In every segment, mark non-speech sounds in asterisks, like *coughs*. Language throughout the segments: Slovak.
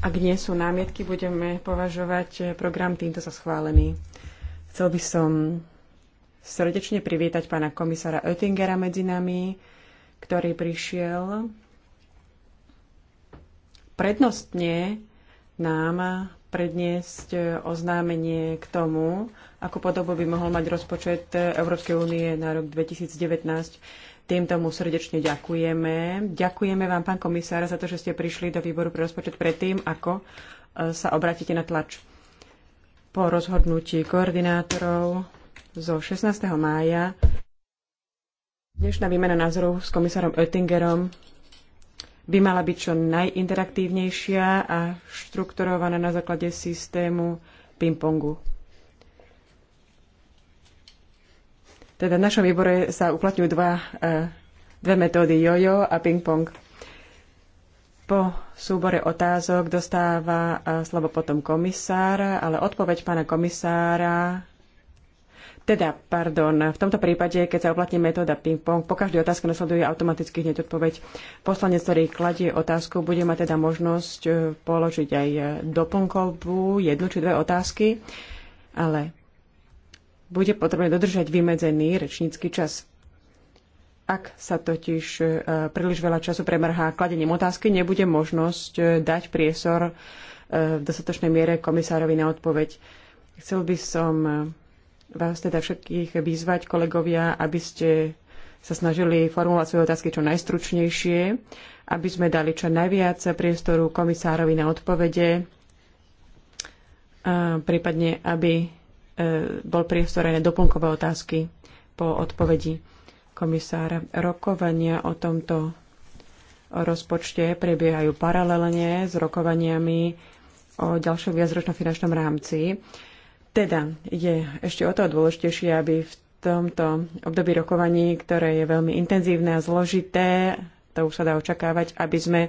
Ak nie sú námietky, budeme považovať eh, program týmto za schválený. Chcel by som srdečne privítať pána komisára Oettingera medzi nami, ktorý prišiel prednostne nám predniesť e, oznámenie k tomu, ako podobu by mohol mať rozpočet e, Európskej únie na rok 2019. Týmto mu srdečne ďakujeme. Ďakujeme vám, pán komisár, za to, že ste prišli do výboru pre rozpočet predtým, ako e, sa obratíte na tlač. Po rozhodnutí koordinátorov zo 16. mája dnešná výmena názorov s komisárom Oettingerom by mala byť čo najinteraktívnejšia a štrukturovaná na základe systému ping-pongu. Teda v našom výbore sa uplatňujú dva, eh, dve metódy jojo a ping-pong. Po súbore otázok dostáva eh, slovo potom komisár, ale odpoveď pána komisára teda, pardon, v tomto prípade, keď sa uplatní metóda ping-pong, po každej otázke nasleduje automaticky hneď odpoveď. Poslanec, ktorý kladie otázku, bude mať teda možnosť e, položiť aj e, doplnkovú jednu či dve otázky, ale bude potrebné dodržať vymedzený rečnícky čas. Ak sa totiž e, príliš veľa času premrhá kladením otázky, nebude možnosť dať priesor v dostatočnej miere komisárovi na odpoveď. Chcel by som vás teda všetkých vyzvať, kolegovia, aby ste sa snažili formulovať svoje otázky čo najstručnejšie, aby sme dali čo najviac priestoru komisárovi na odpovede, a prípadne aby e, bol priestor aj na doplnkové otázky po odpovedi komisára. Rokovania o tomto rozpočte prebiehajú paralelne s rokovaniami o ďalšom viacročnom finančnom rámci. Teda je ešte o to dôležitejšie, aby v tomto období rokovaní, ktoré je veľmi intenzívne a zložité, to už sa dá očakávať, aby sme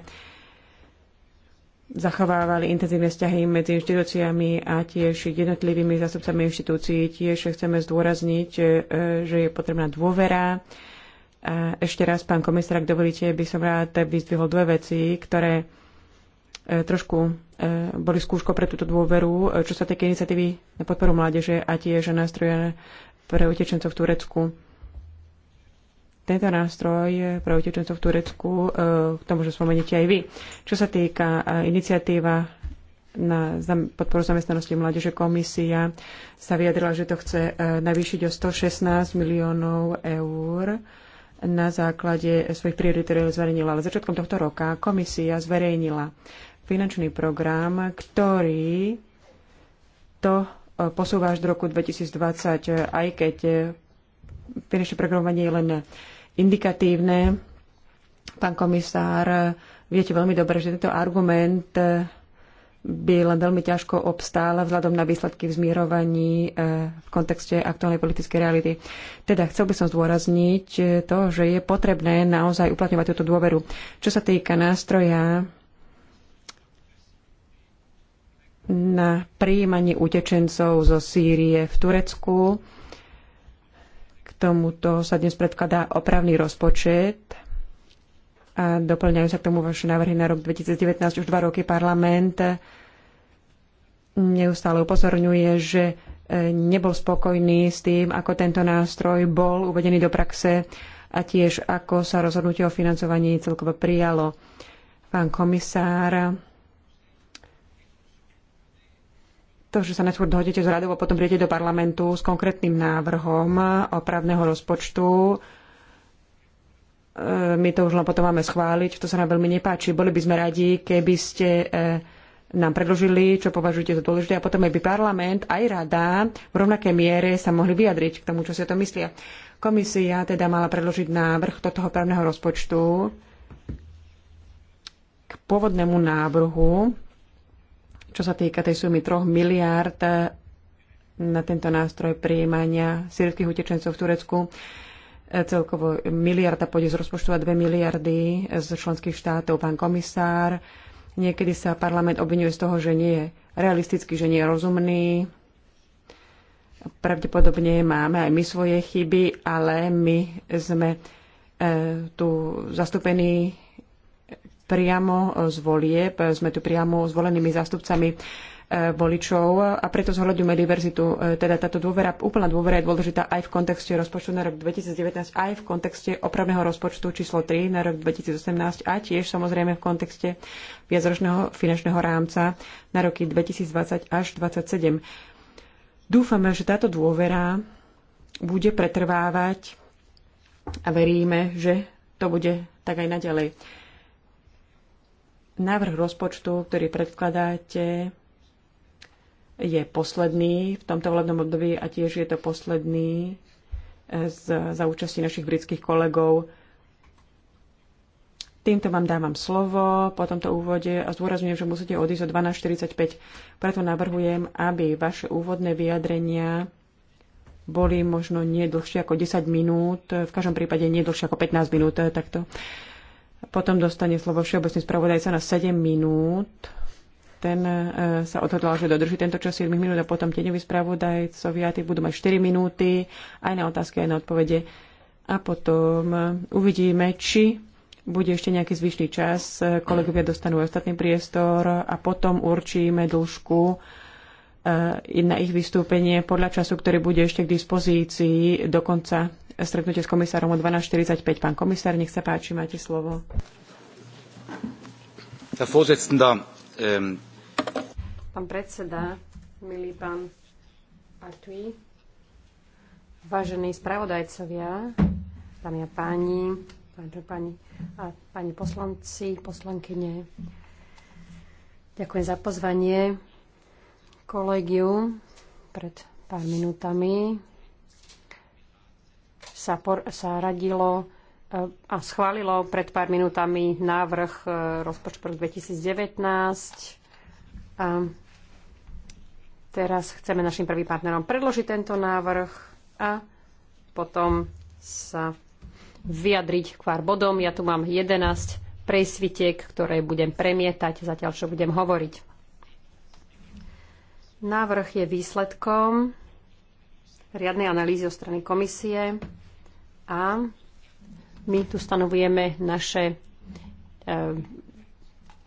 zachovávali intenzívne vzťahy medzi inštitúciami a tiež jednotlivými zástupcami inštitúcií. Tiež chceme zdôrazniť, e, že je potrebná dôvera. A ešte raz, pán komisár, ak dovolíte, by som rád vyzdvihol dve veci, ktoré E, trošku e, boli skúško pre túto dôveru, e, čo sa týka iniciatívy na podporu mládeže a tiež nástroje pre utečencov v Turecku. Tento nástroj pre utečencov v Turecku, k tomu, že spomeniete aj vy. Čo sa týka iniciatíva na podporu zamestnanosti mládeže komisia sa vyjadrila, že to chce navýšiť o 116 miliónov eur na základe svojich priorit realizovaní. Ale začiatkom tohto roka komisia zverejnila finančný program, ktorý to e, posúva až do roku 2020, aj keď e, finančné programovanie je len indikatívne. Pán komisár, e, viete veľmi dobre, že tento argument by len veľmi ťažko obstál vzhľadom na výsledky v zmierovaní v kontexte aktuálnej politickej reality. Teda chcel by som zdôrazniť to, že je potrebné naozaj uplatňovať túto dôveru. Čo sa týka nástroja na prijímanie utečencov zo Sýrie v Turecku. K tomuto sa dnes predkladá opravný rozpočet a doplňajú sa k tomu vaše návrhy na rok 2019. Už dva roky parlament neustále upozorňuje, že e, nebol spokojný s tým, ako tento nástroj bol uvedený do praxe a tiež ako sa rozhodnutie o financovaní celkovo prijalo. Pán komisár, to, že sa najskôr dohodnete s radou a potom prídete do parlamentu s konkrétnym návrhom opravného rozpočtu, e, my to už len potom máme schváliť, to sa nám veľmi nepáči. Boli by sme radi, keby ste e, nám predložili, čo považujete za dôležité a potom aj by parlament, aj rada v rovnakej miere sa mohli vyjadriť k tomu, čo si o tom myslia. Komisia teda mala predložiť návrh do toho právneho rozpočtu k pôvodnému návrhu čo sa týka tej sumy 3 miliárd eh, na tento nástroj prijímania sírskych utečencov v Turecku. Eh, celkovo miliarda pôjde z rozpočtu a 2 miliardy eh, z členských štátov. Pán komisár, niekedy sa parlament obvinuje z toho, že nie je realistický, že nie je rozumný. Pravdepodobne máme aj my svoje chyby, ale my sme tu zastúpení priamo e, z volieb, e, sme tu priamo zvolenými zástupcami e, voličov a preto zohľadňujeme diverzitu. Teda táto dôvera, úplná dôvera je dôležitá aj v kontexte rozpočtu na rok 2019, aj v kontexte opravného rozpočtu číslo 3 na rok 2018 a tiež samozrejme v kontexte viacročného finančného rámca na roky 2020 až 2027. Dúfame, že táto dôvera bude pretrvávať a veríme, že to bude tak aj naďalej. Návrh rozpočtu, ktorý predkladáte, je posledný v tomto volebnom období a tiež je to posledný e, z, za účasti našich britských kolegov. Týmto vám dávam slovo po tomto úvode a zdôrazňujem, že musíte odísť o 12.45. Preto navrhujem, aby vaše úvodné vyjadrenia boli možno nie dlhšie ako 10 minút, v každom prípade nie dlhšie ako 15 minút, e, takto. Uh, potom dostane slovo všeobecný spravodajca na 7 minút. Ten e, sa odhodlal, že dodrží tento čas 7 minút a potom tieňový spravodajcovia, tí budú mať 4 minúty aj na otázky, aj na odpovede. A potom e, uvidíme, či bude ešte nejaký zvyšný čas, e, kolegovia dostanú ostatný priestor a potom určíme dĺžku na ich vystúpenie podľa času, ktorý bude ešte k dispozícii do konca stretnutie s komisárom o 12.45. Pán komisár, nech sa páči, máte slovo. Ähm, pán predseda, milý pán Artui, vážení spravodajcovia, dámy a páni, páni, a páni poslanci, poslankyne, ďakujem za pozvanie kolegiu pred pár minútami sa, por, sa radilo eh, a schválilo pred pár minútami návrh eh, rozpočtu 2019. A teraz chceme našim prvým partnerom predložiť tento návrh a potom sa vyjadriť k pár bodom. Ja tu mám 11 presvitiek, ktoré budem premietať zatiaľ, čo budem hovoriť. Návrh je výsledkom riadnej analýzy zo strany komisie a my tu stanovujeme naše e,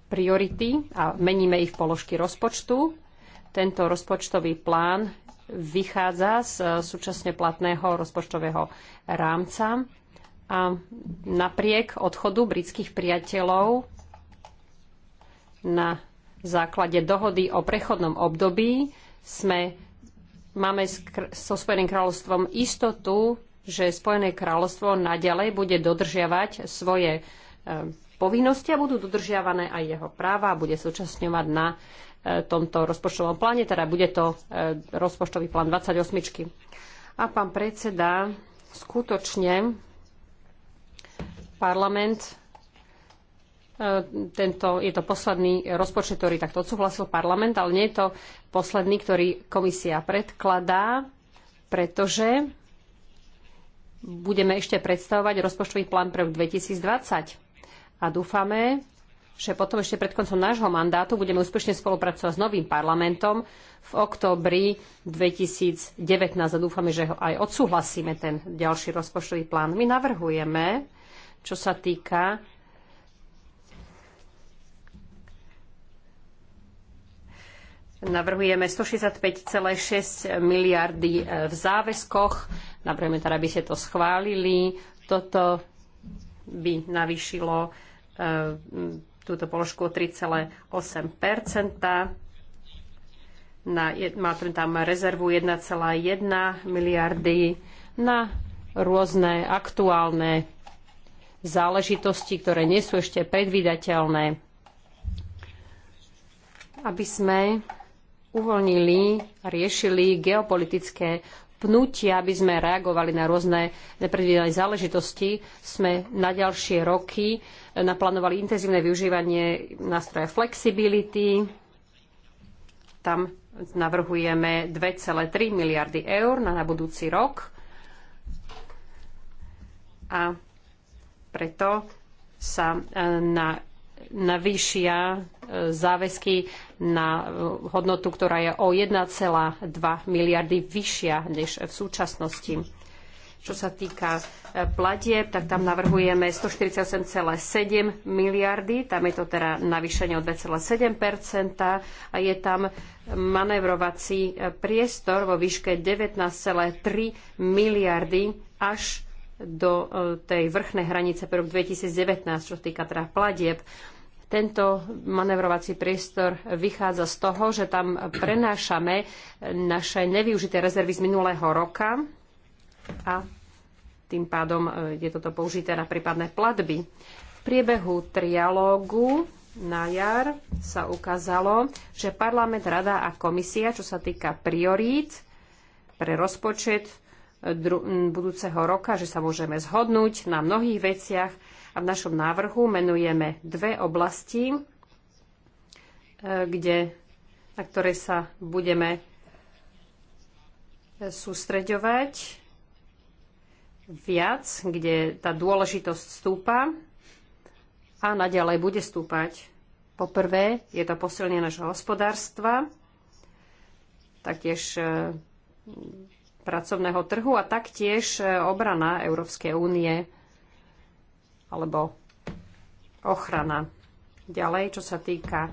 priority a meníme ich v položky rozpočtu. Tento rozpočtový plán vychádza z e, súčasne platného rozpočtového rámca a napriek odchodu britských priateľov na základe dohody o prechodnom období sme, máme so Spojeným kráľovstvom istotu že Spojené kráľovstvo naďalej bude dodržiavať svoje e, povinnosti a budú dodržiavané aj jeho práva a bude súčasňovať na e, tomto rozpočtovom pláne, teda bude to e, rozpočtový plán 28. A pán predseda, skutočne parlament, tento, je to posledný rozpočet, ktorý takto odsúhlasil parlament, ale nie je to posledný, ktorý komisia predkladá, pretože budeme ešte predstavovať rozpočtový plán pre rok 2020. A dúfame, že potom ešte pred koncom nášho mandátu budeme úspešne spolupracovať s novým parlamentom v októbri 2019 a dúfame, že ho aj odsúhlasíme, ten ďalší rozpočtový plán. My navrhujeme, čo sa týka navrhujeme 165,6 miliardy eh, v záväzkoch napríklad, teda, aby ste to schválili. Toto by navýšilo e, túto položku o 3,8 na, máme tam rezervu 1,1 miliardy na rôzne aktuálne záležitosti, ktoré nie sú ešte predvídateľné. Aby sme uvoľnili, riešili geopolitické pnutia, aby sme reagovali na rôzne nepredvídané záležitosti, sme na ďalšie roky e, naplánovali intenzívne využívanie nástroja flexibility. Tam navrhujeme 2,3 miliardy eur na, budúci rok. A preto sa e, na navýšia záväzky na hodnotu, ktorá je o 1,2 miliardy vyššia než v súčasnosti. Čo sa týka e, platieb, tak tam navrhujeme 148,7 miliardy, tam je to teda navýšenie o 2,7 a je tam manevrovací e, priestor vo výške 19,3 miliardy až do e, tej vrchnej hranice pre rok 2019, čo sa týka teda platieb. Tento manevrovací priestor vychádza z toho, že tam prenášame naše nevyužité rezervy z minulého roka a tým pádom e, je toto použité na prípadné platby. V priebehu trialógu na jar sa ukázalo, že parlament, rada a komisia, čo sa týka priorít pre rozpočet budúceho roka, že sa môžeme zhodnúť na mnohých veciach, a v našom návrhu menujeme dve oblasti, e, kde, na ktoré sa budeme e, sústreďovať viac, kde tá dôležitosť stúpa a naďalej bude stúpať. Po prvé, je to posilnenie nášho hospodárstva, taktiež e, pracovného trhu a taktiež obrana Európskej únie alebo ochrana. Ďalej, čo sa týka e,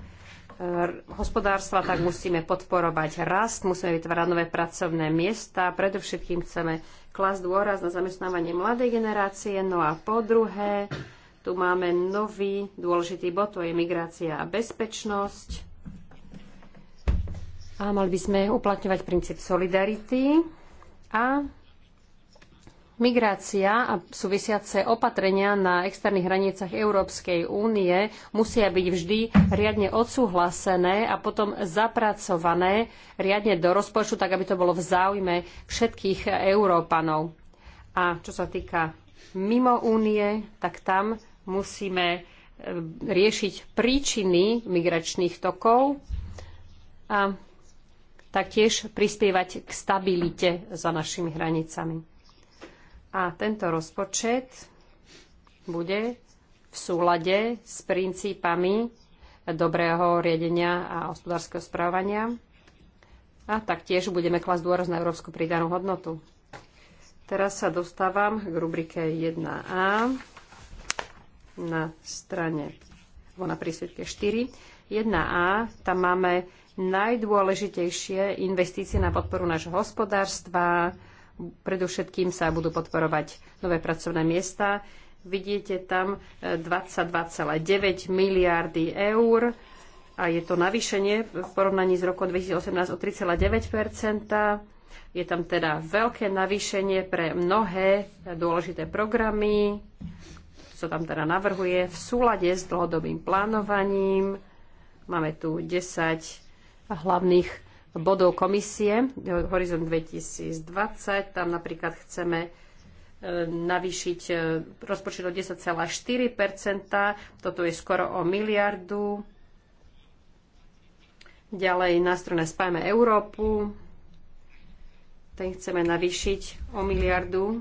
hospodárstva, tak musíme podporovať rast, musíme vytvárať nové pracovné miesta, predovšetkým chceme klas dôraz na zamestnávanie mladej generácie, no a po druhé, tu máme nový dôležitý bod, to je migrácia a bezpečnosť. A mali by sme uplatňovať princíp solidarity a Migrácia a súvisiace opatrenia na externých hraniciach Európskej únie musia byť vždy riadne odsúhlasené a potom zapracované riadne do rozpočtu, tak aby to bolo v záujme všetkých Európanov. A čo sa týka mimo únie, tak tam musíme e, riešiť príčiny migračných tokov a taktiež prispievať k stabilite za našimi hranicami. A tento rozpočet bude v súlade s princípami dobrého riadenia a hospodárskeho správania. A taktiež budeme klasť dôraz na európsku pridanú hodnotu. Teraz sa dostávam k rubrike 1a na strane, alebo na prísvitke 4. 1a, tam máme najdôležitejšie investície na podporu nášho hospodárstva, Predovšetkým sa budú podporovať nové pracovné miesta. Vidíte tam 22,9 eh, miliardy eur a je to navýšenie v porovnaní s rokom 2018 o 3,9 Je tam teda veľké navýšenie pre mnohé dôležité programy, čo tam teda navrhuje v súlade s dlhodobým plánovaním. Máme tu 10 hlavných bodov komisie e, Horizon 2020. Tam napríklad chceme e, navýšiť e, rozpočet o 10,4 Toto je skoro o miliardu. Ďalej nástroj na Spájme Európu. Ten chceme navýšiť o miliardu.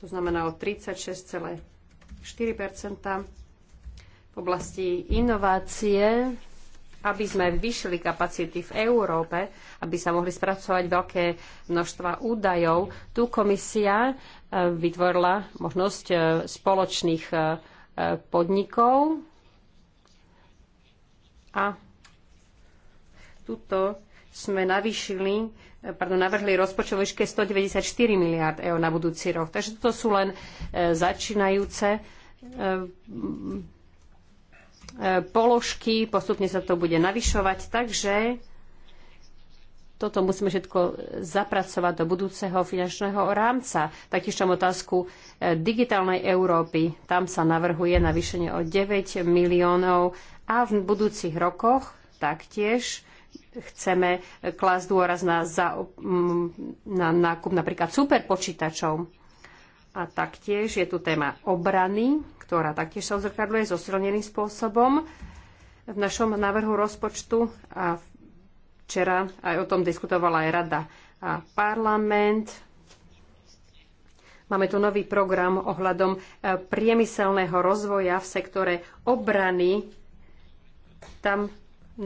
To znamená o 36,4 V oblasti inovácie aby sme vyšili kapacity v Európe, aby sa mohli spracovať veľké množstva údajov, tu komisia e, vytvorila možnosť e, spoločných e, podnikov a tuto sme navýšili, pardon, navrhli rozpočet výške 194 miliard eur na budúci rok. Takže toto sú len začínajúce E, položky, postupne sa to bude navyšovať, takže toto musíme všetko zapracovať do budúceho finančného rámca. Taktiež tam otázku e, digitálnej Európy. Tam sa navrhuje navýšenie o 9 miliónov a v budúcich rokoch taktiež chceme klásť dôraz na, za, na nákup napríklad superpočítačov. A taktiež je tu téma obrany, ktorá taktiež sa odzrkadluje zosilneným spôsobom v našom návrhu rozpočtu. A včera aj o tom diskutovala aj Rada a parlament. Máme tu nový program ohľadom e, priemyselného rozvoja v sektore obrany. Tam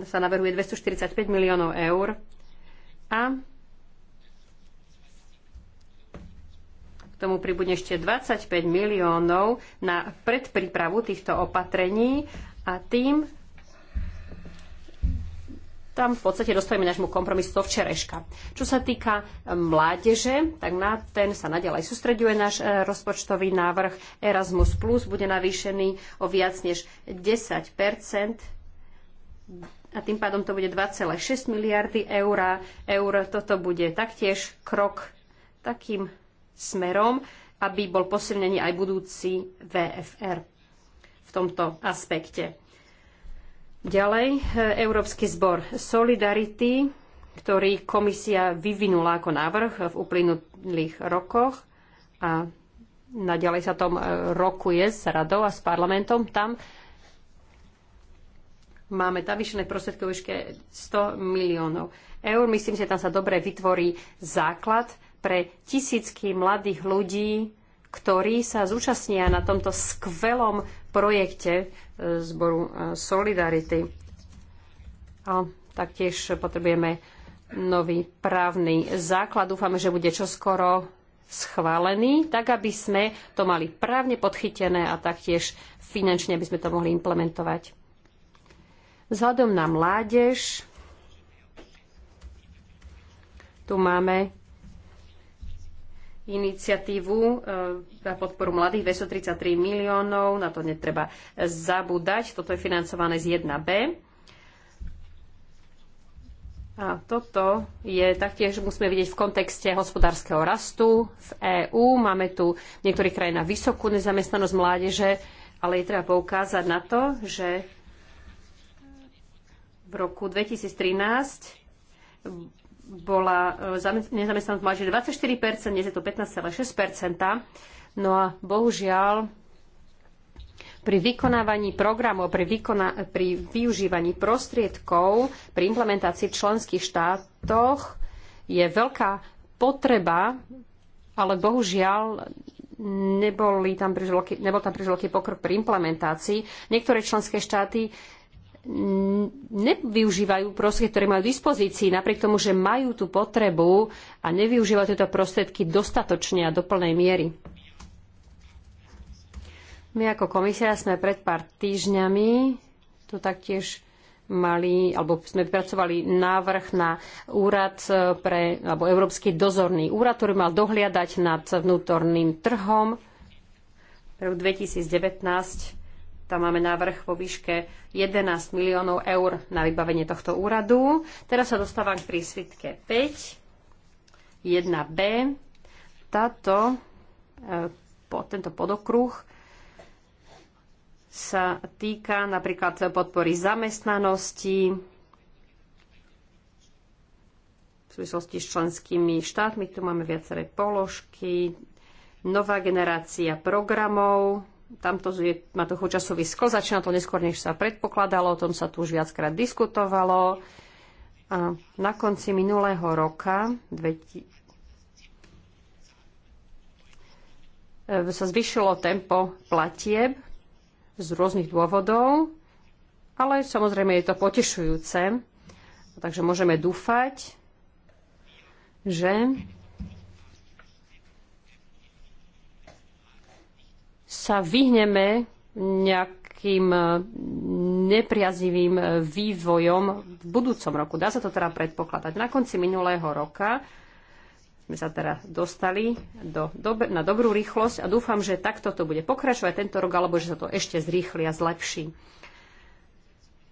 sa navrhuje 245 miliónov eur a tomu pribudne ešte 25 miliónov na predprípravu týchto opatrení a tým tam v podstate dostajeme nášmu kompromisu do včereška. Čo sa týka e, mládeže, tak na ten sa nadalej sústreďuje náš e, rozpočtový návrh. Erasmus Plus bude navýšený o viac než 10 a tým pádom to bude 2,6 miliardy eur. Eur toto bude taktiež krok takým smerom, aby bol posilnený aj budúci VFR v tomto aspekte. Ďalej, e, Európsky zbor Solidarity, ktorý komisia vyvinula ako návrh v uplynulých rokoch a naďalej sa tom e, rokuje s radou a s parlamentom. Tam máme navýšené prostriedky o výške 100 miliónov eur. Myslím, že tam sa dobre vytvorí základ pre tisícky mladých ľudí, ktorí sa zúčastnia na tomto skvelom projekte e, zboru e, Solidarity. A taktiež potrebujeme nový právny základ. Dúfame, že bude čoskoro schválený, tak aby sme to mali právne podchytené a taktiež finančne, aby sme to mohli implementovať. Vzhľadom na mládež, tu máme iniciatívu e, na podporu mladých 233 miliónov, na to netreba zabúdať. Toto je financované z 1B. A toto je taktiež, musíme vidieť v kontexte hospodárskeho rastu v EÚ. Máme tu v niektorých krajinách vysokú nezamestnanosť mládeže, ale je treba poukázať na to, že v roku 2013 bola e, nezamestnanosť mladšie 24%, dnes je to 15,6%. No a bohužiaľ pri vykonávaní programov, pri, vykoná, pri využívaní prostriedkov, pri implementácii v členských štátoch je veľká potreba, ale bohužiaľ neboli tam príliš veľký, nebol tam príliš veľký pokrok pri implementácii. Niektoré členské štáty nevyužívajú prostriedky, ktoré majú v dispozícii, napriek tomu, že majú tú potrebu a nevyužívajú tieto prostriedky dostatočne a do plnej miery. My ako komisia sme pred pár týždňami tu taktiež mali, alebo sme vypracovali návrh na úrad e, pre, alebo Európsky dozorný úrad, ktorý mal dohliadať nad vnútorným trhom. Rok 2019 tam máme návrh vo výške 11 miliónov eur na vybavenie tohto úradu. Teraz sa dostávam k prísvitke 5, 1b. Táto, e, tento podokruh sa týka napríklad podpory zamestnanosti v súvislosti s členskými štátmi. Tu máme viaceré položky, nová generácia programov, tamto je, má to časový skl, začína to neskôr, než sa predpokladalo, o tom sa tu už viackrát diskutovalo. A na konci minulého roka dve, e, sa zvyšilo tempo platieb z rôznych dôvodov, ale samozrejme je to potešujúce, takže môžeme dúfať, že sa vyhneme nejakým e, nepriazivým e, vývojom v budúcom roku. Dá sa to teda predpokladať. Na konci minulého roka sme sa teda dostali do, do, na dobrú rýchlosť a dúfam, že takto to bude pokračovať tento rok, alebo že sa to ešte zrýchli a zlepší.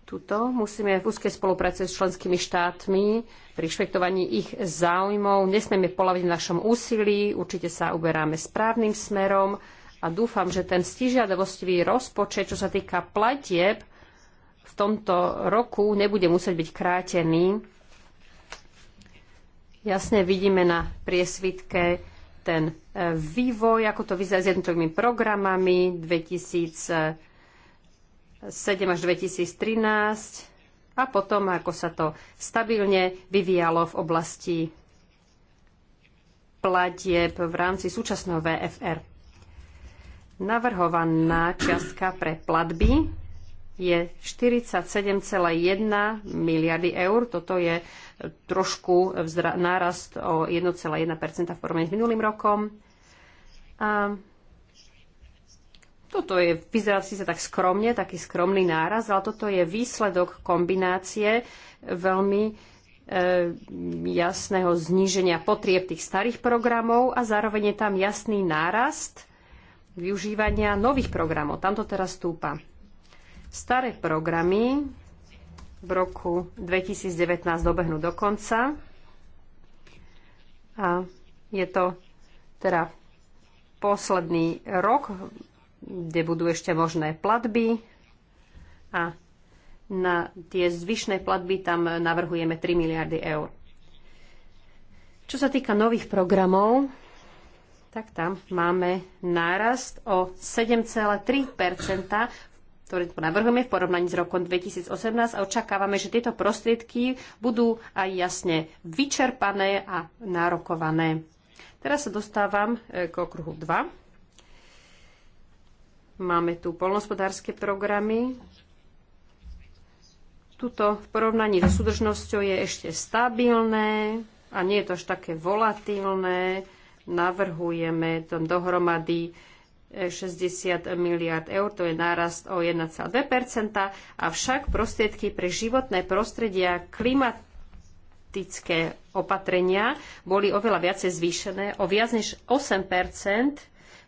Tuto musíme v úzkej spolupráci s členskými štátmi pri špektovaní ich záujmov. Nesmieme polaviť v našom úsilí, určite sa uberáme správnym smerom a dúfam, že ten stižiadavostivý rozpočet, čo sa týka platieb v tomto roku, nebude musieť byť krátený. Jasne vidíme na priesvitke ten e, vývoj, ako to vyzerá s jednotlivými programami 2007 až 2013 a potom, ako sa to stabilne vyvíjalo v oblasti platieb v rámci súčasného VFR. Navrhovaná čiastka pre platby je 47,1 miliardy eur. Toto je trošku nárast o 1,1 v porovnaní s minulým rokom. A toto je, vyzerá si sa tak skromne, taký skromný náraz, ale toto je výsledok kombinácie veľmi e, jasného zníženia potrieb tých starých programov a zároveň je tam jasný nárast využívania nových programov. Tam to teraz stúpa. Staré programy v roku 2019 dobehnú do konca a je to teda posledný rok, kde budú ešte možné platby a na tie zvyšné platby tam navrhujeme 3 miliardy eur. Čo sa týka nových programov, tak tam máme nárast o 7,3 ktoré navrhujeme v porovnaní s rokom 2018 a očakávame, že tieto prostriedky budú aj jasne vyčerpané a nárokované. Teraz sa dostávam e, k okruhu 2. Máme tu polnospodárske programy. Tuto v porovnaní so súdržnosťou je ešte stabilné a nie je to až také volatilné navrhujeme tam dohromady 60 e, miliard eur, to je nárast o 1,2 avšak prostriedky pre životné prostredia klimatické opatrenia boli oveľa viacej zvýšené, o viac než 8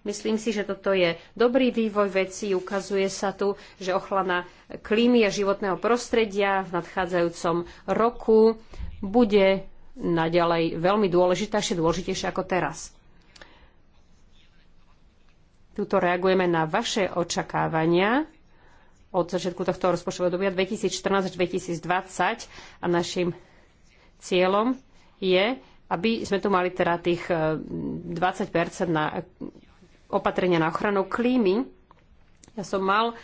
Myslím si, že toto je dobrý vývoj vecí. Ukazuje sa tu, že ochlana klímy a životného prostredia v nadchádzajúcom roku bude naďalej veľmi dôležité, ešte dôležitejšie ako teraz. Tuto reagujeme na vaše očakávania od začiatku tohto rozpočtového obdobia 2014 až 2020 a našim cieľom je, aby sme tu mali teda tých 20 eh, na opatrenia na ochranu klímy. Ja som mal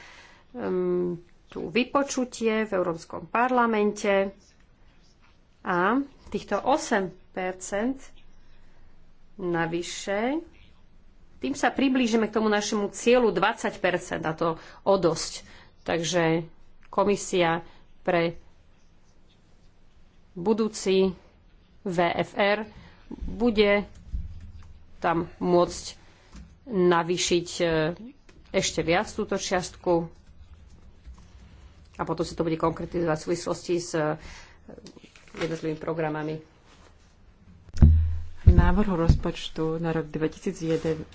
um, tu vypočutie v Európskom parlamente a týchto 8 navyše, tým sa priblížime k tomu našemu cieľu 20 a to o dosť. Takže komisia pre budúci VFR bude tam môcť navýšiť e, ešte viac túto čiastku a potom si to bude konkretizovať v súvislosti s jednotlivými programami. V návrhu rozpočtu na rok 2019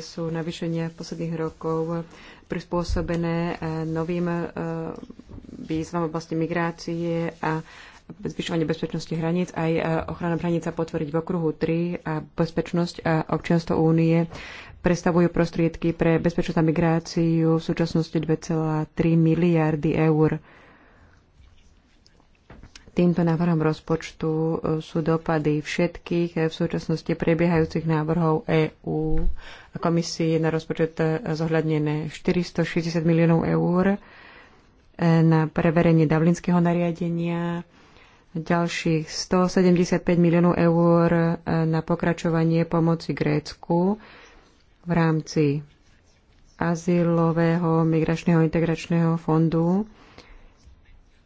sú navýšenia posledných rokov prispôsobené eh, novým eh, výzvam v oblasti migrácie a zvyšovanie bezpečnosti hraníc, aj eh, ochrana hranica potvrdiť v okruhu 3 a bezpečnosť a občianstvo únie predstavujú prostriedky pre bezpečnosť a migráciu v súčasnosti 2,3 miliardy eur týmto návrhom rozpočtu e, sú dopady všetkých e, v súčasnosti prebiehajúcich návrhov EÚ a komisii na rozpočet e, zohľadnené 460 miliónov eur na preverenie Dublinského nariadenia, ďalších 175 miliónov eur na pokračovanie pomoci Grécku v rámci azylového migračného integračného fondu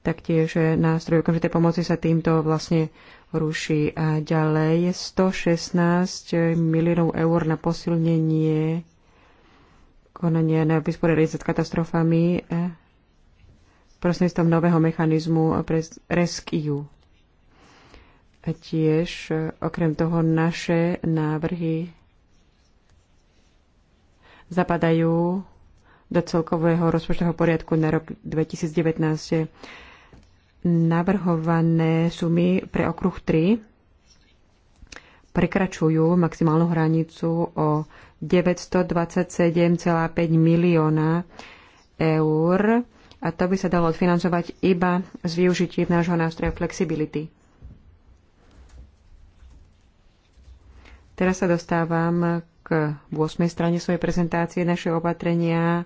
Taktiež nástroj okamžitej pomoci sa týmto vlastne ruší. A ďalej je 116 miliónov eur na posilnenie konania na vysporiadanie s katastrofami eh, prostredníctvom nového mechanizmu Rescue. A tiež eh, okrem toho naše návrhy zapadajú do celkového rozpočtového poriadku na rok 2019 navrhované sumy pre okruh 3 prekračujú maximálnu hranicu o 927,5 milióna eur a to by sa dalo odfinancovať iba z využitím nášho nástroja flexibility. Teraz sa dostávam k 8. strane svojej prezentácie naše opatrenia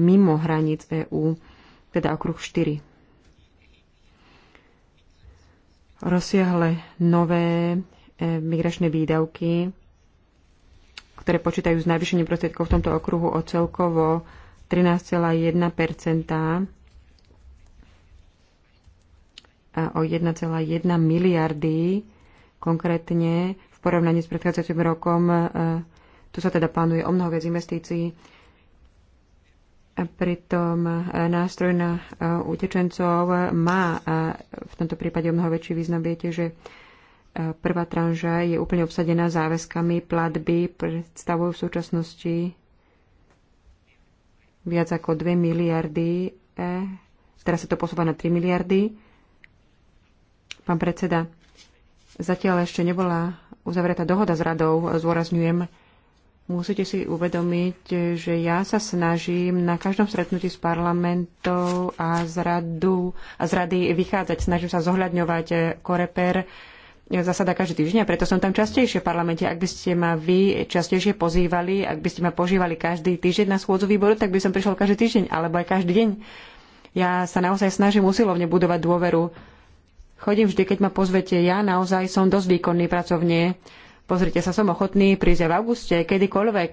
mimo hraníc EÚ, teda okruh 4 rozsiahle nové e, migračné výdavky, ktoré počítajú s navýšením prostriedkov v tomto okruhu o celkovo 13,1 a o 1,1 miliardy konkrétne v porovnaní s predchádzajúcim rokom. E, tu sa teda plánuje o mnoho viac investícií. Pritom e, nástroj na e, utečencov má e, v tomto prípade o mnoho väčší význam. Viete, že prvá tranža je úplne obsadená záväzkami, platby predstavujú v súčasnosti viac ako 2 miliardy. Teraz sa to posúva na 3 miliardy. Pán predseda, zatiaľ ešte nebola uzavretá dohoda s radou, zdôrazňujem, Musíte si uvedomiť, že ja sa snažím na každom stretnutí s parlamentov a z, radu, a z rady vychádzať. Snažím sa zohľadňovať koreper zasada každý týždeň preto som tam častejšie v parlamente. Ak by ste ma vy častejšie pozývali, ak by ste ma požívali každý týždeň na schôdzu výboru, tak by som prišiel každý týždeň alebo aj každý deň. Ja sa naozaj snažím usilovne budovať dôveru. Chodím vždy, keď ma pozvete. Ja naozaj som dosť výkonný pracovne Pozrite sa, som ochotný prísť v auguste, kedykoľvek.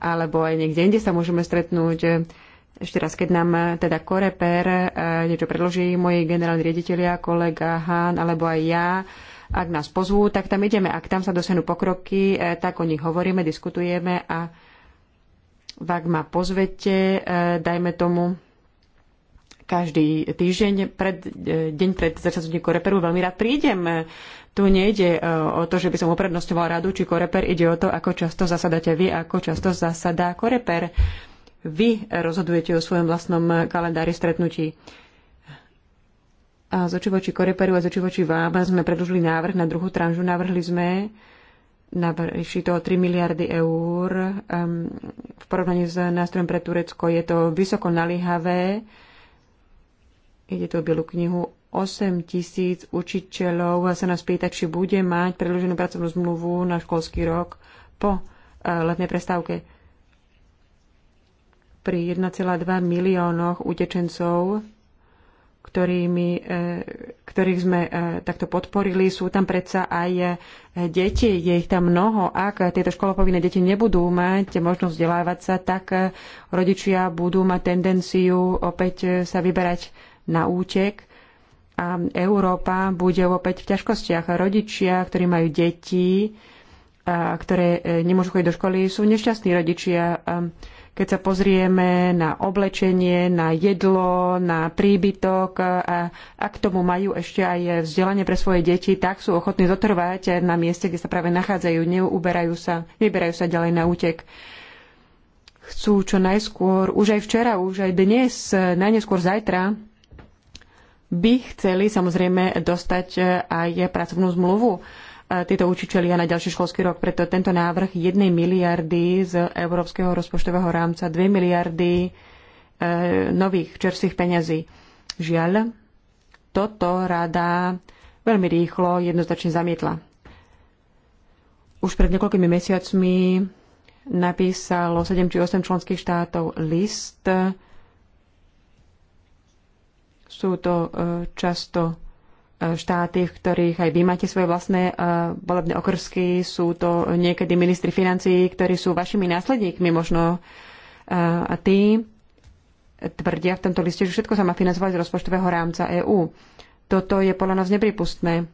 Alebo aj niekde inde sa môžeme stretnúť. Ešte raz, keď nám teda Koreper e, niečo predloží, moji generálni riaditeľia, kolega Hán alebo aj ja, ak nás pozvú, tak tam ideme. Ak tam sa dosenú pokroky, e, tak o nich hovoríme, diskutujeme a ak ma pozvete, e, dajme tomu každý týždeň, pred, deň pred začatím koreperu, veľmi rád prídem tu nejde e, o to, že by som uprednostňoval radu či koreper, ide o to, ako často zasadáte vy, ako často zasadá koreper. Vy rozhodujete o svojom vlastnom kalendári stretnutí. A z oči voči koreperu a z oči voči vám sme predlžili návrh na druhú tranžu. Navrhli sme na to toho 3 miliardy eur. v porovnaní s nástrojom pre Turecko je to vysoko naliehavé. Ide tu o Bielú knihu 8 tisíc učiteľov sa nás pýta, či bude mať predloženú pracovnú zmluvu na školský rok po e, letnej prestávke. Pri 1,2 miliónoch utečencov, ktorými, e, ktorých sme e, takto podporili, sú tam predsa aj deti, je ich tam mnoho. Ak tieto školopovinné deti nebudú mať možnosť vzdelávať sa, tak rodičia budú mať tendenciu opäť sa vyberať na útek a Európa bude opäť v ťažkostiach. Rodičia, ktorí majú deti, a ktoré e, nemôžu chodiť do školy, sú nešťastní rodičia. Keď sa pozrieme na oblečenie, na jedlo, na príbytok, a ak k tomu majú ešte aj vzdelanie pre svoje deti, tak sú ochotní zotrvať na mieste, kde sa práve nachádzajú, neuberajú sa, neberajú sa ďalej na útek chcú čo najskôr, už aj včera, už aj dnes, najneskôr zajtra, by chceli samozrejme dostať eh, aj pracovnú zmluvu eh, títo učiteľia na ďalší školský rok. Preto tento návrh 1 miliardy z Európskeho rozpočtového rámca, 2 miliardy eh, nových čerstvých peňazí. Žiaľ, toto rada veľmi rýchlo jednoznačne zamietla. Už pred niekoľkými mesiacmi napísalo 7 či 8 členských štátov list, sú to e, často e, štáty, v ktorých aj vy máte svoje vlastné e, volebné okrsky, sú to niekedy ministri financií, ktorí sú vašimi následníkmi možno a tí tvrdia v tomto liste, že všetko sa má financovať z rozpočtového rámca EÚ. Toto je podľa nás nepripustné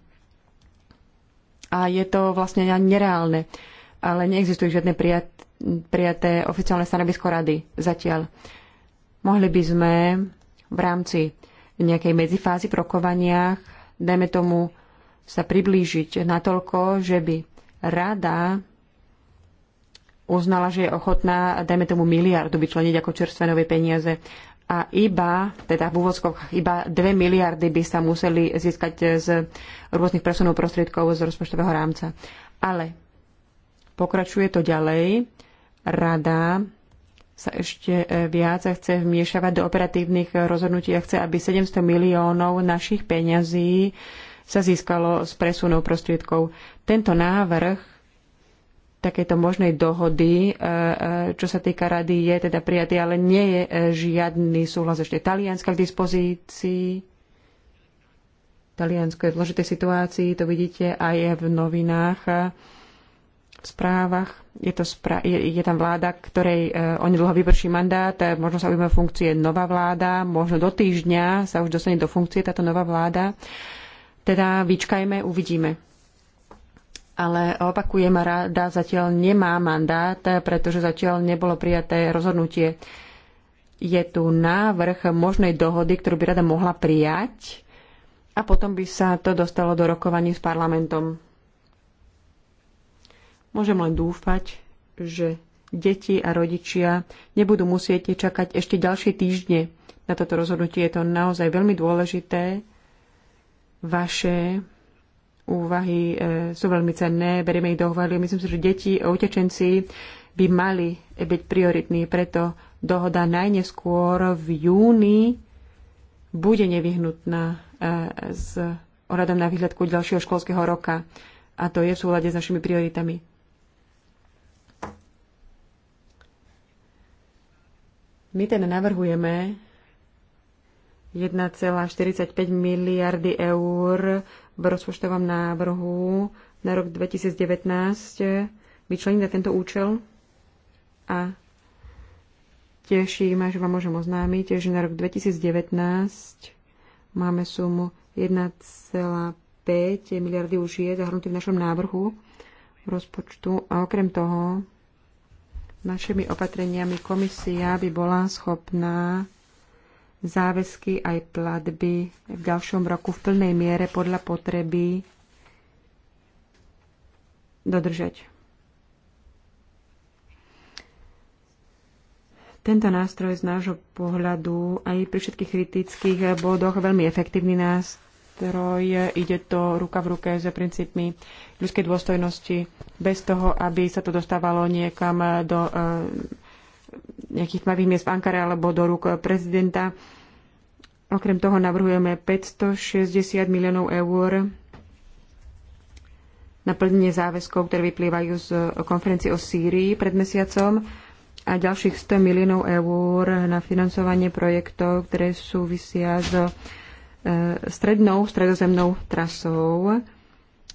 a je to vlastne nereálne, ale neexistujú žiadne prijat, prijaté oficiálne stanovisko rady zatiaľ. Mohli by sme v rámci v nejakej medzifázi v rokovaniach, dajme tomu, sa priblížiť natoľko, že by rada uznala, že je ochotná, dajme tomu, miliardu vyčleniť ako čerstvé nové peniaze a iba, teda v úvodskoch, iba 2 miliardy by sa museli získať z rôznych presunov prostriedkov z rozpočtového rámca. Ale pokračuje to ďalej. Rada sa ešte e, viac a chce vmiešavať do operatívnych rozhodnutí a chce, aby 700 miliónov našich peňazí sa získalo z presunov prostriedkov. Tento návrh takéto možnej dohody, e, e, čo sa týka rady, je teda prijatý, ale nie je žiadny súhlas ešte Talianska k dispozícii. Taliansko je v zložitej situácii, to vidíte aj v novinách v správach. Je, to spra- je, je tam vláda, ktorej e, dlho vyprší mandát, e, možno sa ujme funkcie nová vláda, možno do týždňa sa už dostane do funkcie táto nová vláda. Teda vyčkajme, uvidíme. Ale opakujem, rada zatiaľ nemá mandát, pretože zatiaľ nebolo prijaté rozhodnutie. Je tu návrh možnej dohody, ktorú by rada mohla prijať a potom by sa to dostalo do rokovaní s parlamentom Môžem len dúfať, že deti a rodičia nebudú musieť čakať ešte ďalšie týždne na toto rozhodnutie. Je to naozaj veľmi dôležité. Vaše úvahy e, sú veľmi cenné, berieme ich do úvahy. Myslím si, že deti a utečenci by mali byť prioritní, preto dohoda najneskôr v júni bude nevyhnutná e, s ohľadom na výhľadku ďalšieho školského roka. A to je v súlade s našimi prioritami. My teda navrhujeme 1,45 miliardy eur v rozpočtovom návrhu na rok 2019 vyčleniť na tento účel a teším, že vám môžem oznámiť, že na rok 2019 máme sumu 1,5 miliardy už je zahrnutý v našom návrhu rozpočtu a okrem toho Našimi opatreniami komisia by bola schopná záväzky aj platby v ďalšom roku v plnej miere podľa potreby dodržať. Tento nástroj z nášho pohľadu aj pri všetkých kritických bodoch veľmi efektívny nástroj nástroj. Ide to ruka v ruke s princípmi ľudskej dôstojnosti, bez toho, aby sa to dostávalo niekam do eh, nejakých tmavých miest v Ankare alebo do rúk prezidenta. Okrem toho navrhujeme 560 miliónov eur na plnenie záväzkov, ktoré vyplývajú z konferencie o Sýrii pred mesiacom a ďalších 100 miliónov eur na financovanie projektov, ktoré súvisia s so E, strednou, stredozemnou trasou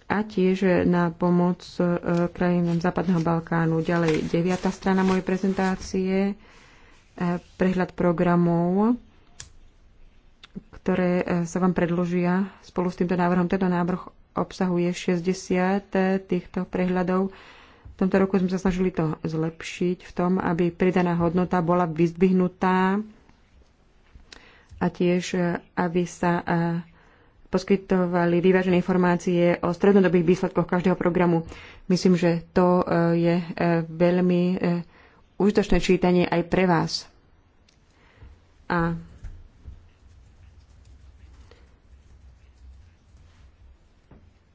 a tiež na pomoc e, krajinám Západného Balkánu. Ďalej, deviata strana mojej prezentácie, e, prehľad programov, ktoré sa vám predložia spolu s týmto návrhom. Tento návrh obsahuje 60 týchto prehľadov. V tomto roku sme sa snažili to zlepšiť v tom, aby pridaná hodnota bola vyzdvihnutá a tiež, e, aby sa e, poskytovali vyvážené informácie o strednodobých výsledkoch každého programu. Myslím, že to e, je veľmi užitočné čítanie aj pre vás. A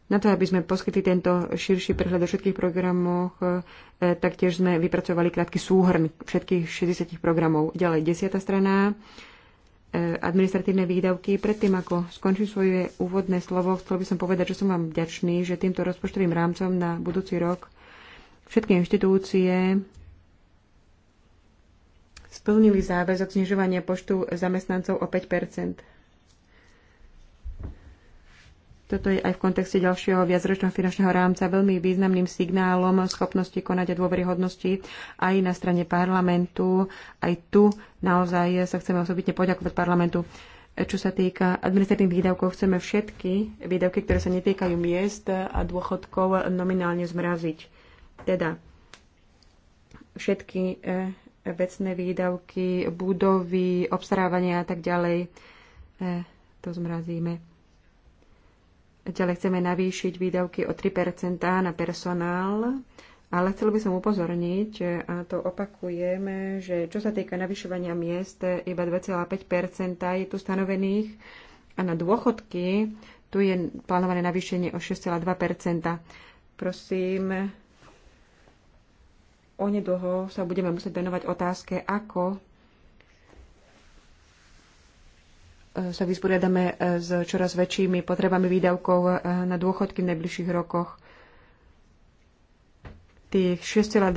Na to, aby sme poskytli tento širší prehľad o všetkých programoch, taktiež sme vypracovali krátky súhrn všetkých 60 programov. Ďalej, desiatá strana E, administratívne výdavky. Predtým, ako skončím svoje úvodné slovo, chcel by som povedať, že som vám vďačný, že týmto rozpočtovým rámcom na budúci rok všetky inštitúcie splnili záväzok znižovania počtu zamestnancov o 5 toto je aj v kontexte ďalšieho viacročného finančného rámca veľmi významným signálom schopnosti konať a dôveryhodnosti aj na strane parlamentu. Aj tu naozaj sa chceme osobitne poďakovať parlamentu. Čo sa týka administratívnych výdavkov, chceme všetky výdavky, ktoré sa netýkajú miest a dôchodkov, nominálne zmraziť. Teda všetky eh, vecné výdavky, budovy, obstarávania a tak ďalej, eh, to zmrazíme Ďalej chceme navýšiť výdavky o 3 na personál, ale chcel by som upozorniť, a to opakujeme, že čo sa týka navyšovania miest, iba 2,5 je tu stanovených a na dôchodky tu je plánované navýšenie o 6,2 Prosím, onedlho sa budeme musieť venovať otázke, ako sa vysporiadame e, s čoraz väčšími potrebami výdavkov e, na dôchodky v najbližších rokoch. Tých 6,2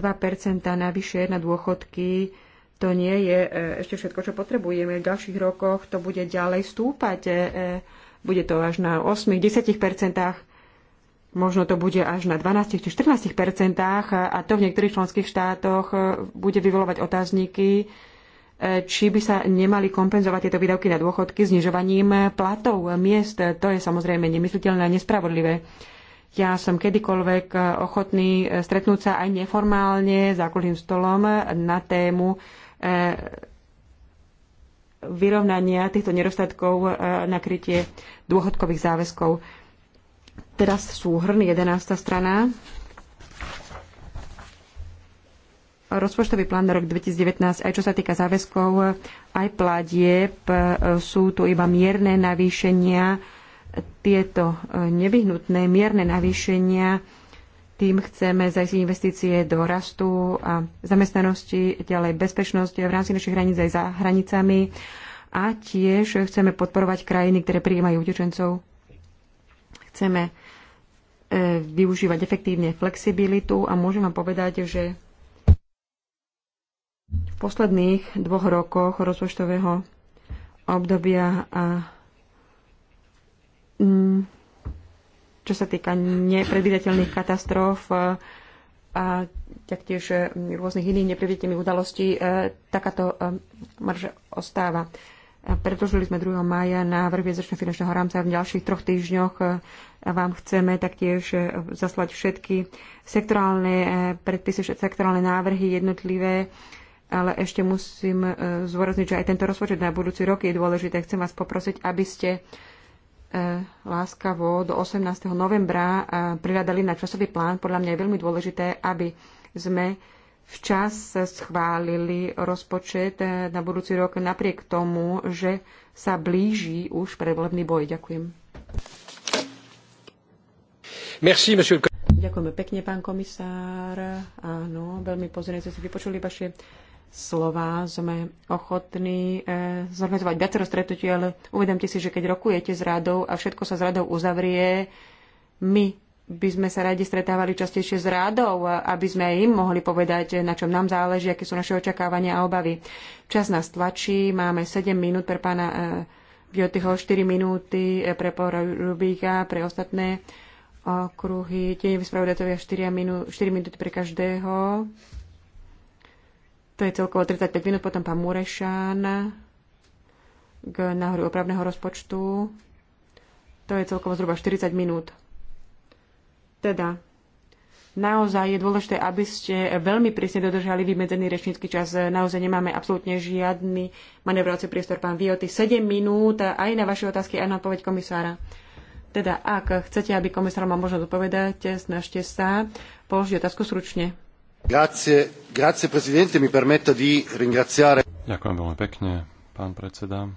navyše na dôchodky to nie je e, ešte všetko, čo potrebujeme. V ďalších rokoch to bude ďalej stúpať. Bude to až na 8-10 možno to bude až na 12 či 14 a to v niektorých členských štátoch bude vyvolovať otázniky, či by sa nemali kompenzovať tieto výdavky na dôchodky znižovaním platov, miest. To je samozrejme nemysliteľné a nespravodlivé. Ja som kedykoľvek ochotný stretnúť sa aj neformálne za kulým stolom na tému e, vyrovnania týchto nedostatkov e, na krytie dôchodkových záväzkov. Teraz súhrn 11. strana. rozpočtový plán na rok 2019, aj čo sa týka záväzkov, aj platieb, sú tu iba mierne navýšenia. Tieto e, nevyhnutné mierne navýšenia, tým chceme zajsť investície do rastu a zamestnanosti, ďalej bezpečnosť v rámci našich hraníc aj za hranicami a tiež chceme podporovať krajiny, ktoré prijímajú utečencov. Chceme e, využívať efektívne flexibilitu a môžem vám povedať, že posledných dvoch rokoch rozpočtového obdobia a mm, čo sa týka nepredvídateľných katastrof e, a taktiež mm, rôznych iných nepredvidateľných udalostí, e, takáto e, marža ostáva. Predložili sme 2. mája na viezročného finančného rámca. V ďalších troch týždňoch vám chceme taktiež zaslať všetky sektorálne predpisy, sektorálne návrhy jednotlivé ale ešte musím e, zvorazniť, že aj tento rozpočet na budúci rok je dôležité. Chcem vás poprosiť, aby ste e, láskavo do 18. novembra e, priradali na časový plán. Podľa mňa je veľmi dôležité, aby sme včas schválili rozpočet na budúci rok napriek tomu, že sa blíži už predvolebný boj. Ďakujem. Merci, monsieur... Ďakujeme pekne, pán komisár. Áno, veľmi pozorne ste si vypočuli vaše slova, sme ochotní e, zorganizovať viacero stretnutí, ale uvedomte si, že keď rokujete s radou a všetko sa s radou uzavrie, my by sme sa radi stretávali častejšie s rádou, aby sme aj im mohli povedať, na čom nám záleží, aké sú naše očakávania a obavy. Čas nás tlačí, máme 7 minút pre pána Biotyho, e, 4 minúty e, pre Pora Rubíka, pre ostatné okruhy, tie nevyspravodatovia 4, minú, 4 minúty pre každého. To je celkovo 35 minút, potom pán Murešán k náhoru opravného rozpočtu. To je celkovo zhruba 40 minút. Teda, naozaj je dôležité, aby ste veľmi prísne dodržali vymedzený rečnícky čas. Naozaj nemáme absolútne žiadny manevrovací priestor. Pán Vioty, 7 minút aj na vaše otázky, aj na odpoveď komisára. Teda, ak chcete, aby komisár mal možnosť odpovedať, snažte sa položiť otázku sručne. Ďakujem veľmi pekne, pán predseda.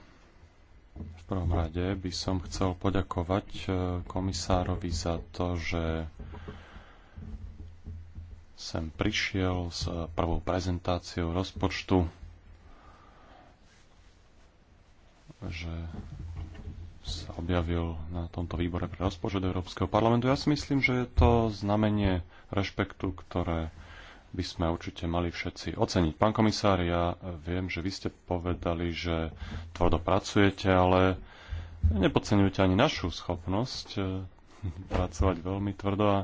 V prvom rade by som chcel poďakovať e, komisárovi za to, že sem prišiel s e, prvou prezentáciou rozpočtu, že sa objavil na tomto výbore pre rozpočet Európskeho parlamentu. Ja si myslím, že je to znamenie rešpektu, ktoré by sme určite mali všetci oceniť. Pán komisár, ja viem, že vy ste povedali, že tvrdo pracujete, ale nepodceňujte ani našu schopnosť eh, pracovať veľmi tvrdo a,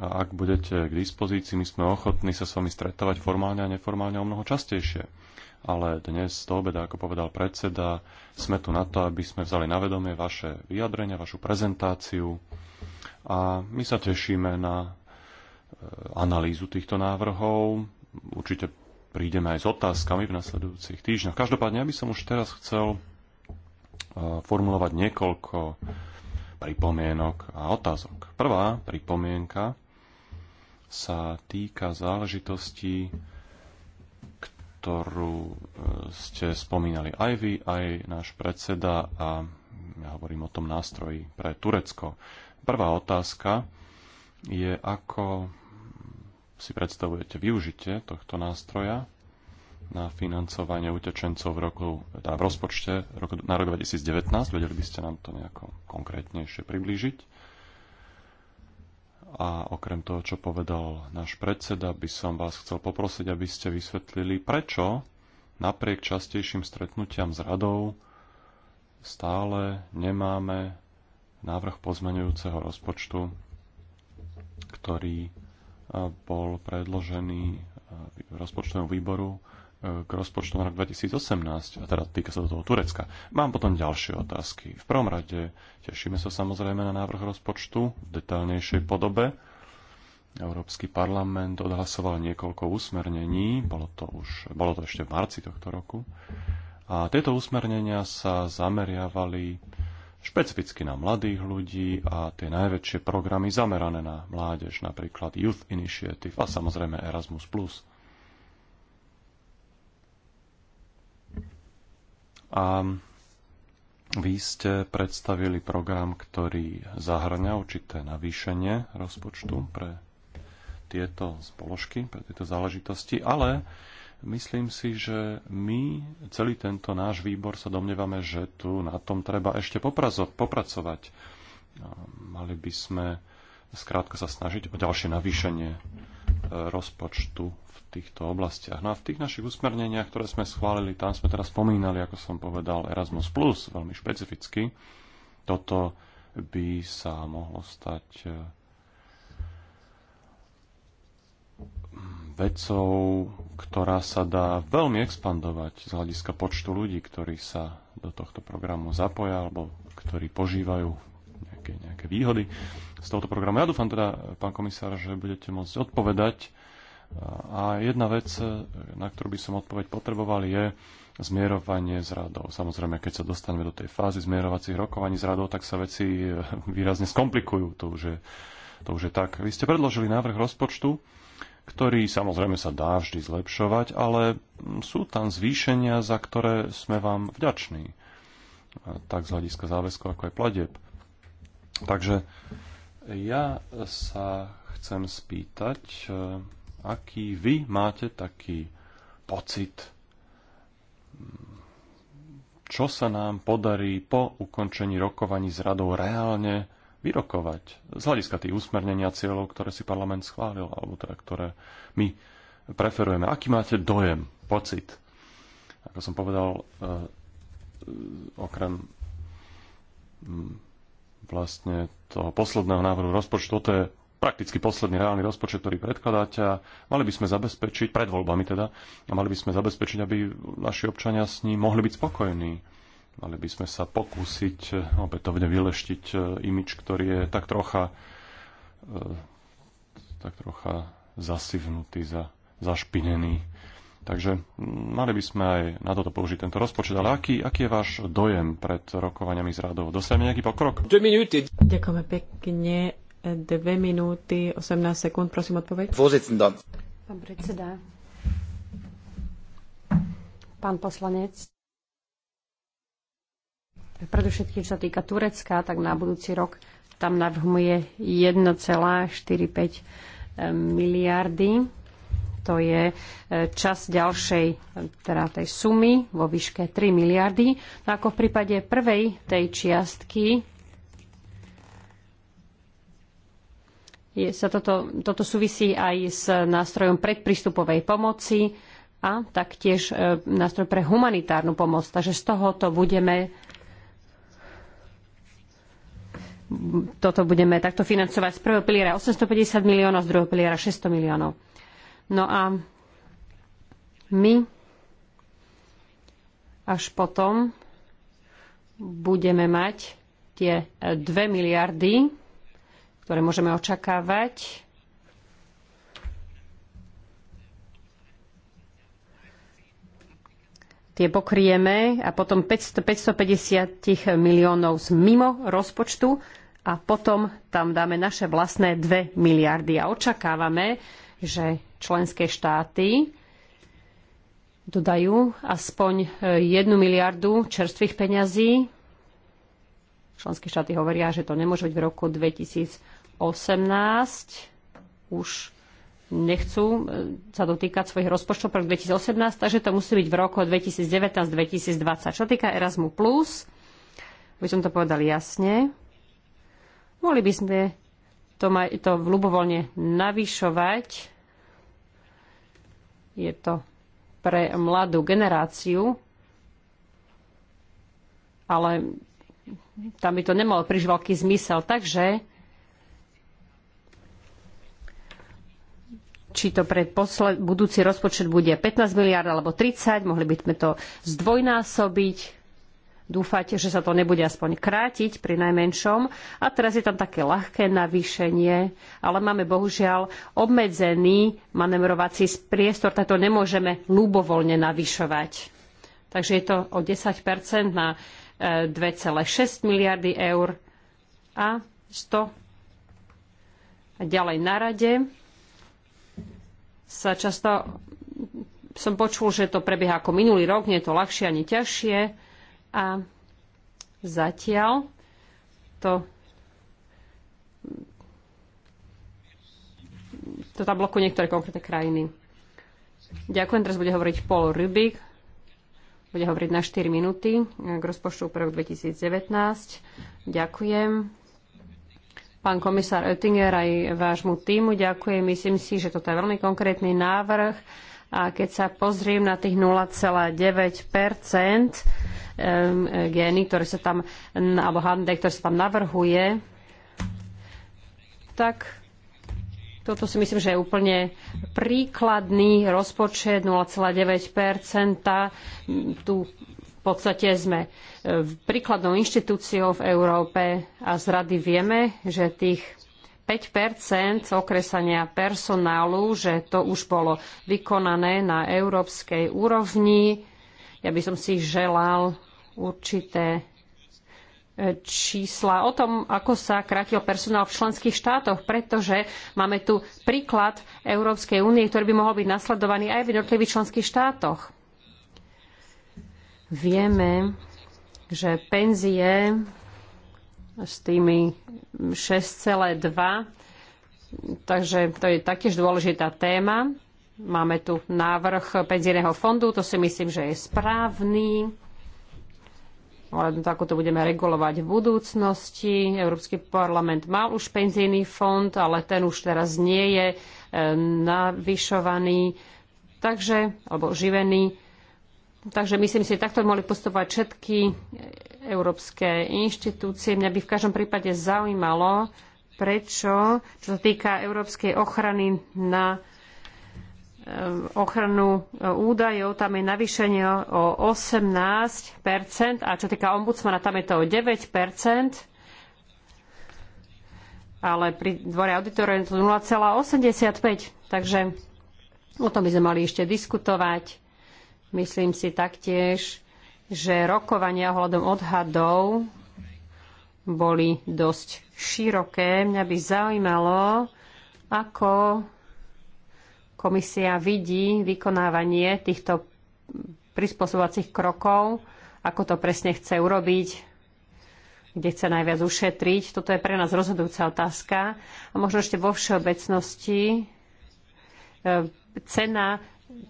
a ak budete k dispozícii, my sme ochotní sa s vami stretávať formálne a neformálne o mnoho častejšie. Ale dnes do obeda, ako povedal predseda, sme tu na to, aby sme vzali na vedomie vaše vyjadrenia, vašu prezentáciu a my sa tešíme na Eh, analýzu týchto návrhov. Určite prídeme aj s otázkami v nasledujúcich týždňoch. Každopádne, ja by som už teraz chcel eh, formulovať niekoľko pripomienok a otázok. Prvá pripomienka sa týka záležitosti, ktorú eh, ste spomínali aj vy, aj náš predseda a ja hovorím o tom nástroji pre Turecko. Prvá otázka je, ako si predstavujete využitie tohto nástroja na financovanie utečencov v, roku, teda v rozpočte roku, na rok 2019? Vedeli by ste nám to nejako konkrétnejšie priblížiť? A okrem toho, čo povedal náš predseda, by som vás chcel poprosiť, aby ste vysvetlili, prečo napriek častejším stretnutiam s radou stále nemáme návrh pozmenujúceho rozpočtu, ktorý bol predložený e, rozpočtovému výboru e, k rozpočtu na rok 2018, a teda týka sa do toho Turecka. Mám potom ďalšie otázky. V prvom rade tešíme sa samozrejme na návrh rozpočtu v detailnejšej podobe. Európsky parlament odhlasoval niekoľko usmernení, bolo to, už, bolo to ešte v marci tohto roku. A tieto usmernenia sa zameriavali špecificky na mladých ľudí a tie najväčšie programy zamerané na mládež, napríklad Youth Initiative a samozrejme Erasmus+. A vy ste predstavili program, ktorý zahrňa určité navýšenie rozpočtu pre tieto spoložky, pre tieto záležitosti, ale Myslím si, že my, celý tento náš výbor sa domnievame, že tu na tom treba ešte popracovať. Mali by sme skrátka sa snažiť o ďalšie navýšenie e, rozpočtu v týchto oblastiach. No a v tých našich usmerneniach, ktoré sme schválili, tam sme teraz spomínali, ako som povedal, Erasmus+, Plus, veľmi špecificky. Toto by sa mohlo stať e, vecou, ktorá sa dá veľmi expandovať z hľadiska počtu ľudí, ktorí sa do tohto programu zapoja alebo ktorí požívajú nejaké, nejaké výhody z tohto programu. Ja dúfam teda, pán komisár, že budete môcť odpovedať. A jedna vec, na ktorú by som odpoveď potreboval, je zmierovanie s radou. Samozrejme, keď sa dostaneme do tej fázy zmierovacích rokovaní s radou, tak sa veci *laughs* výrazne skomplikujú. To už je, to už je tak. Vy ste predložili návrh rozpočtu ktorý samozrejme sa dá vždy zlepšovať, ale sú tam zvýšenia, za ktoré sme vám vďační. Tak z hľadiska záväzkov, ako aj pladeb. Takže ja sa chcem spýtať, e, aký vy máte taký pocit, čo sa nám podarí po ukončení rokovaní s radou reálne vyrokovať z hľadiska tých usmernenia cieľov, ktoré si parlament schválil, alebo teda ktoré my preferujeme. Aký máte dojem, pocit? Ako som povedal, e, e, okrem vlastne toho posledného návrhu rozpočtu, to je prakticky posledný reálny rozpočet, ktorý predkladáte a mali by sme zabezpečiť, pred voľbami teda, a mali by sme zabezpečiť, aby naši občania s ním mohli byť spokojní Mali by sme sa pokúsiť eh, opätovne vyleštiť eh, imič, ktorý je tak trocha, eh, tak trocha zasivnutý, za, zašpinený. Takže hm, mali by sme aj na toto použiť tento rozpočet. Ale aký, aký je váš dojem pred rokovaniami s radou? Dostaneme nejaký pokrok? Dve minúty. Ďakujeme pekne. Dve minúty, 18 sekúnd, prosím odpoveď. Pán predseda, pán poslanec, predovšetkým čo sa týka Turecka, tak na budúci rok tam navrhuje 1,45 eh, miliardy. To je eh, čas ďalšej teda tej sumy vo výške 3 miliardy. No ako v prípade prvej tej čiastky je, sa toto, toto súvisí aj s nástrojom predprístupovej pomoci a taktiež eh, nástroj pre humanitárnu pomoc. Takže z tohoto budeme toto budeme takto financovať z prvého piliera 850 miliónov, z druhého piliera 600 miliónov. No a my až potom budeme mať tie 2 miliardy, ktoré môžeme očakávať. Tie pokrieme a potom 500, 550 miliónov z mimo rozpočtu a potom tam dáme naše vlastné 2 miliardy. A očakávame, že členské štáty dodajú aspoň 1 e, miliardu čerstvých peňazí. Členské štáty hovoria, že to nemôže byť v roku 2018. Už nechcú e, sa dotýkať svojich rozpočtov pre 2018, takže to musí byť v roku 2019-2020. Čo týka Erasmu+, by som to povedal jasne, Mohli by sme to, maj, to ľubovoľne navyšovať. Je to pre mladú generáciu, ale tam by to nemalo príliš veľký zmysel. Takže či to pre budúci rozpočet bude 15 miliard alebo 30, mohli by sme to zdvojnásobiť Dúfajte, že sa to nebude aspoň krátiť pri najmenšom. A teraz je tam také ľahké navýšenie, ale máme bohužiaľ obmedzený manevrovací priestor, tak to nemôžeme ľubovoľne navyšovať. Takže je to o 10 na 2,6 e, miliardy eur a 100 a ďalej na rade sa často som počul, že to prebieha ako minulý rok, nie je to ľahšie ani ťažšie a zatiaľ to to tam blokuje niektoré konkrétne krajiny. Ďakujem, teraz bude hovoriť Paul Rubik. Bude hovoriť na 4 minúty k rozpočtu pre rok 2019. Ďakujem. Pán komisár Oettinger aj vášmu týmu ďakujem. Myslím si, že toto je veľmi konkrétny návrh a keď sa pozriem na tých 0,9 gény, ktoré sa tam, alebo HND, ktoré sa tam navrhuje, tak toto si myslím, že je úplne príkladný rozpočet 0,9 Tu v podstate sme príkladnou inštitúciou v Európe a z rady vieme, že tých 5 okresania personálu, že to už bolo vykonané na európskej úrovni. Ja by som si želal určité e, čísla o tom, ako sa krátil personál v členských štátoch, pretože máme tu príklad Európskej únie, ktorý by mohol byť nasledovaný aj v jednotlivých členských štátoch. Vieme, že penzie s tými 6,2. Takže to je taktiež dôležitá téma. Máme tu návrh penzijného fondu, to si myslím, že je správny. Ale ako to budeme regulovať v budúcnosti. Európsky parlament mal už penzijný fond, ale ten už teraz nie je e, navyšovaný, takže, alebo živený. Takže myslím si, takto mohli postupovať všetky európske inštitúcie. Mňa by v každom prípade zaujímalo, prečo, čo sa týka európskej ochrany na eh, ochranu eh, údajov, tam je navýšenie o 18 a čo týka ombudsmana, tam je to o 9 ale pri dvore auditorov je to 0,85. Takže o tom by sme mali ešte diskutovať. Myslím si taktiež, že rokovania ohľadom odhadov boli dosť široké. Mňa by zaujímalo, ako komisia vidí vykonávanie týchto prispôsobovacích krokov, ako to presne chce urobiť, kde chce najviac ušetriť. Toto je pre nás rozhodujúca otázka. A možno ešte vo všeobecnosti e, cena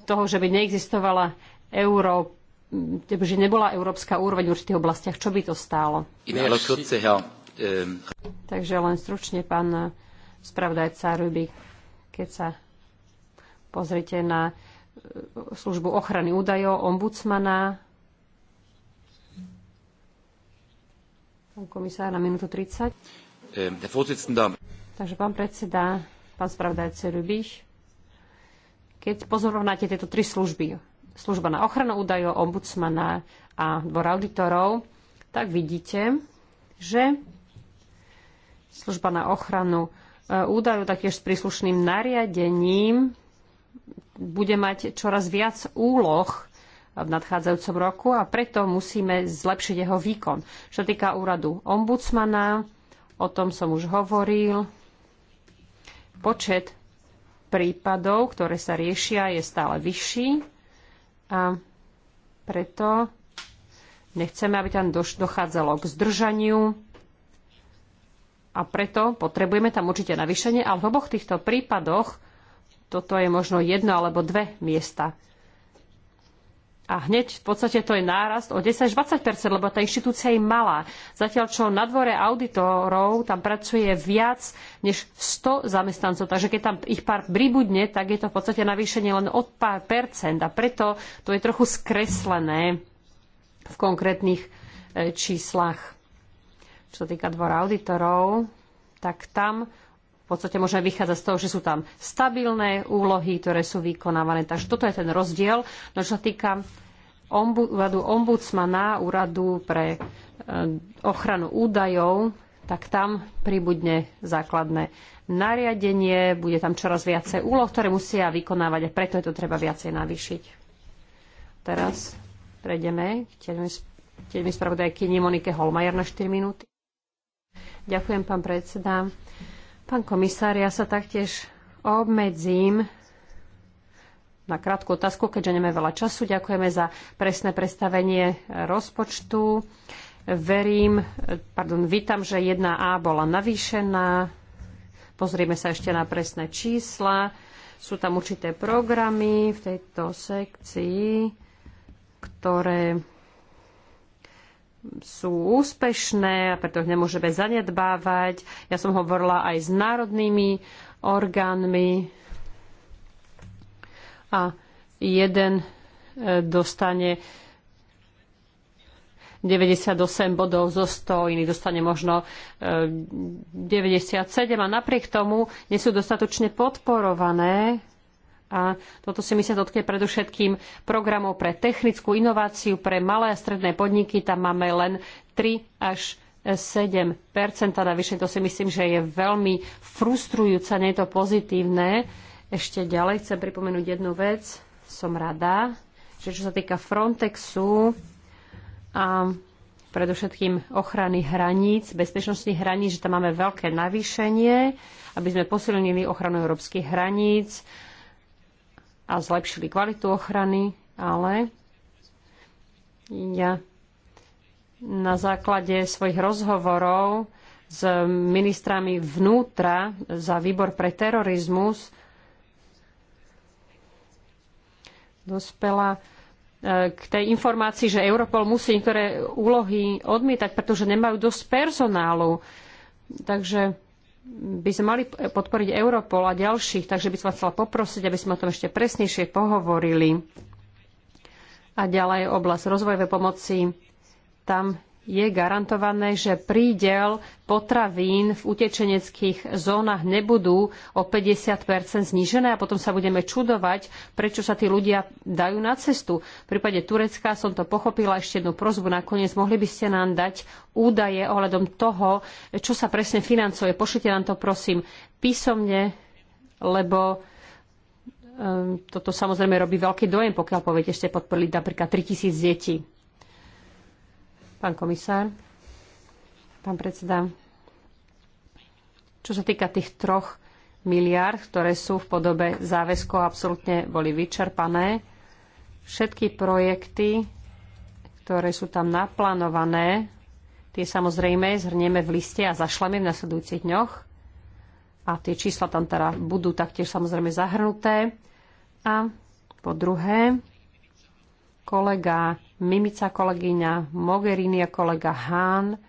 toho, že by neexistovala Európa že nebola európska úroveň v určitých oblastiach, čo by to stálo? Ehm, Takže len stručne, pán eh, spravodajca Ruby, keď sa pozrite na eh, službu ochrany údajov, ombudsmana, pán komisár na minútu 30. Ehm, Takže pán predseda, pán spravdajca Rubiš, keď pozorovnáte tieto tri služby, služba na ochranu údajov, ombudsmana a dvor auditorov, tak vidíte, že služba na ochranu e, údajov taktiež s príslušným nariadením bude mať čoraz viac úloh v nadchádzajúcom roku a preto musíme zlepšiť jeho výkon. Čo týka úradu ombudsmana, o tom som už hovoril. Počet prípadov, ktoré sa riešia, je stále vyšší a preto nechceme, aby tam dochádzalo k zdržaniu a preto potrebujeme tam určite navýšenie, ale v oboch týchto prípadoch toto je možno jedno alebo dve miesta a hneď v podstate to je nárast o 10 až 20 lebo tá inštitúcia je malá. Zatiaľ, čo na dvore auditorov tam pracuje viac než 100 zamestnancov. Takže keď tam ich pár pribudne, tak je to v podstate navýšenie len od pár percent. A preto to je trochu skreslené v konkrétnych e, číslach. Čo sa týka dvora auditorov, tak tam v podstate môžeme vychádzať z toho, že sú tam stabilné úlohy, ktoré sú vykonávané. Takže toto je ten rozdiel. No čo sa týka ombu, úradu ombudsmana, úradu pre e, ochranu údajov, tak tam pribudne základné nariadenie, bude tam čoraz viacej úloh, ktoré musia vykonávať a preto je to treba viacej navýšiť. Teraz prejdeme k tiež mi spravodajkyni Monike Holmajer na 4 minúty. Ďakujem, pán predseda. Pán komisár, ja sa taktiež obmedzím na krátku otázku, keďže nemáme veľa času. Ďakujeme za presné predstavenie rozpočtu. Verím, pardon, vítam, že 1A bola navýšená. Pozrieme sa ešte na presné čísla. Sú tam určité programy v tejto sekcii, ktoré sú úspešné a preto ich nemôžeme zanedbávať. Ja som hovorila aj s národnými orgánmi a jeden e, dostane 98 bodov zo 100, iný dostane možno 97 e, a napriek tomu nie sú dostatočne podporované a toto si myslím dotkne predovšetkým programov pre technickú inováciu pre malé a stredné podniky. Tam máme len 3 až 7 Navyše to si myslím, že je veľmi frustrujúce, nie je to pozitívne. Ešte ďalej chcem pripomenúť jednu vec. Som rada, že čo sa týka Frontexu a predovšetkým ochrany hraníc, bezpečnostných hraníc, že tam máme veľké navýšenie, aby sme posilnili ochranu európskych hraníc a zlepšili kvalitu ochrany, ale ja na základe svojich rozhovorov s ministrami vnútra za výbor pre terorizmus dospela e, k tej informácii, že Europol musí niektoré úlohy odmietať, pretože nemajú dosť personálu. Takže by sme mali podporiť Europol a ďalších, takže by som vás chcela poprosiť, aby sme o tom ešte presnejšie pohovorili. A ďalej oblasť rozvojovej pomoci. Tam je garantované, že prídel potravín v utečeneckých zónach nebudú o 50 znížené a potom sa budeme čudovať, prečo sa tí ľudia dajú na cestu. V prípade Turecka som to pochopila ešte jednu prozbu. Nakoniec mohli by ste nám dať údaje ohľadom toho, čo sa presne financuje. Pošlite nám to prosím písomne, lebo ehm, toto samozrejme robí veľký dojem, pokiaľ poviete, ste podporili napríklad 3000 detí. Pán komisár, pán predseda, čo sa týka tých troch miliard, ktoré sú v podobe záväzkov absolútne boli vyčerpané, všetky projekty, ktoré sú tam naplánované, tie samozrejme zhrnieme v liste a zašleme v nasledujúcich dňoch. A tie čísla tam teda budú taktiež samozrejme zahrnuté. A po druhé, kolega Mimica kolegyňa, Mogherini a kolega Hahn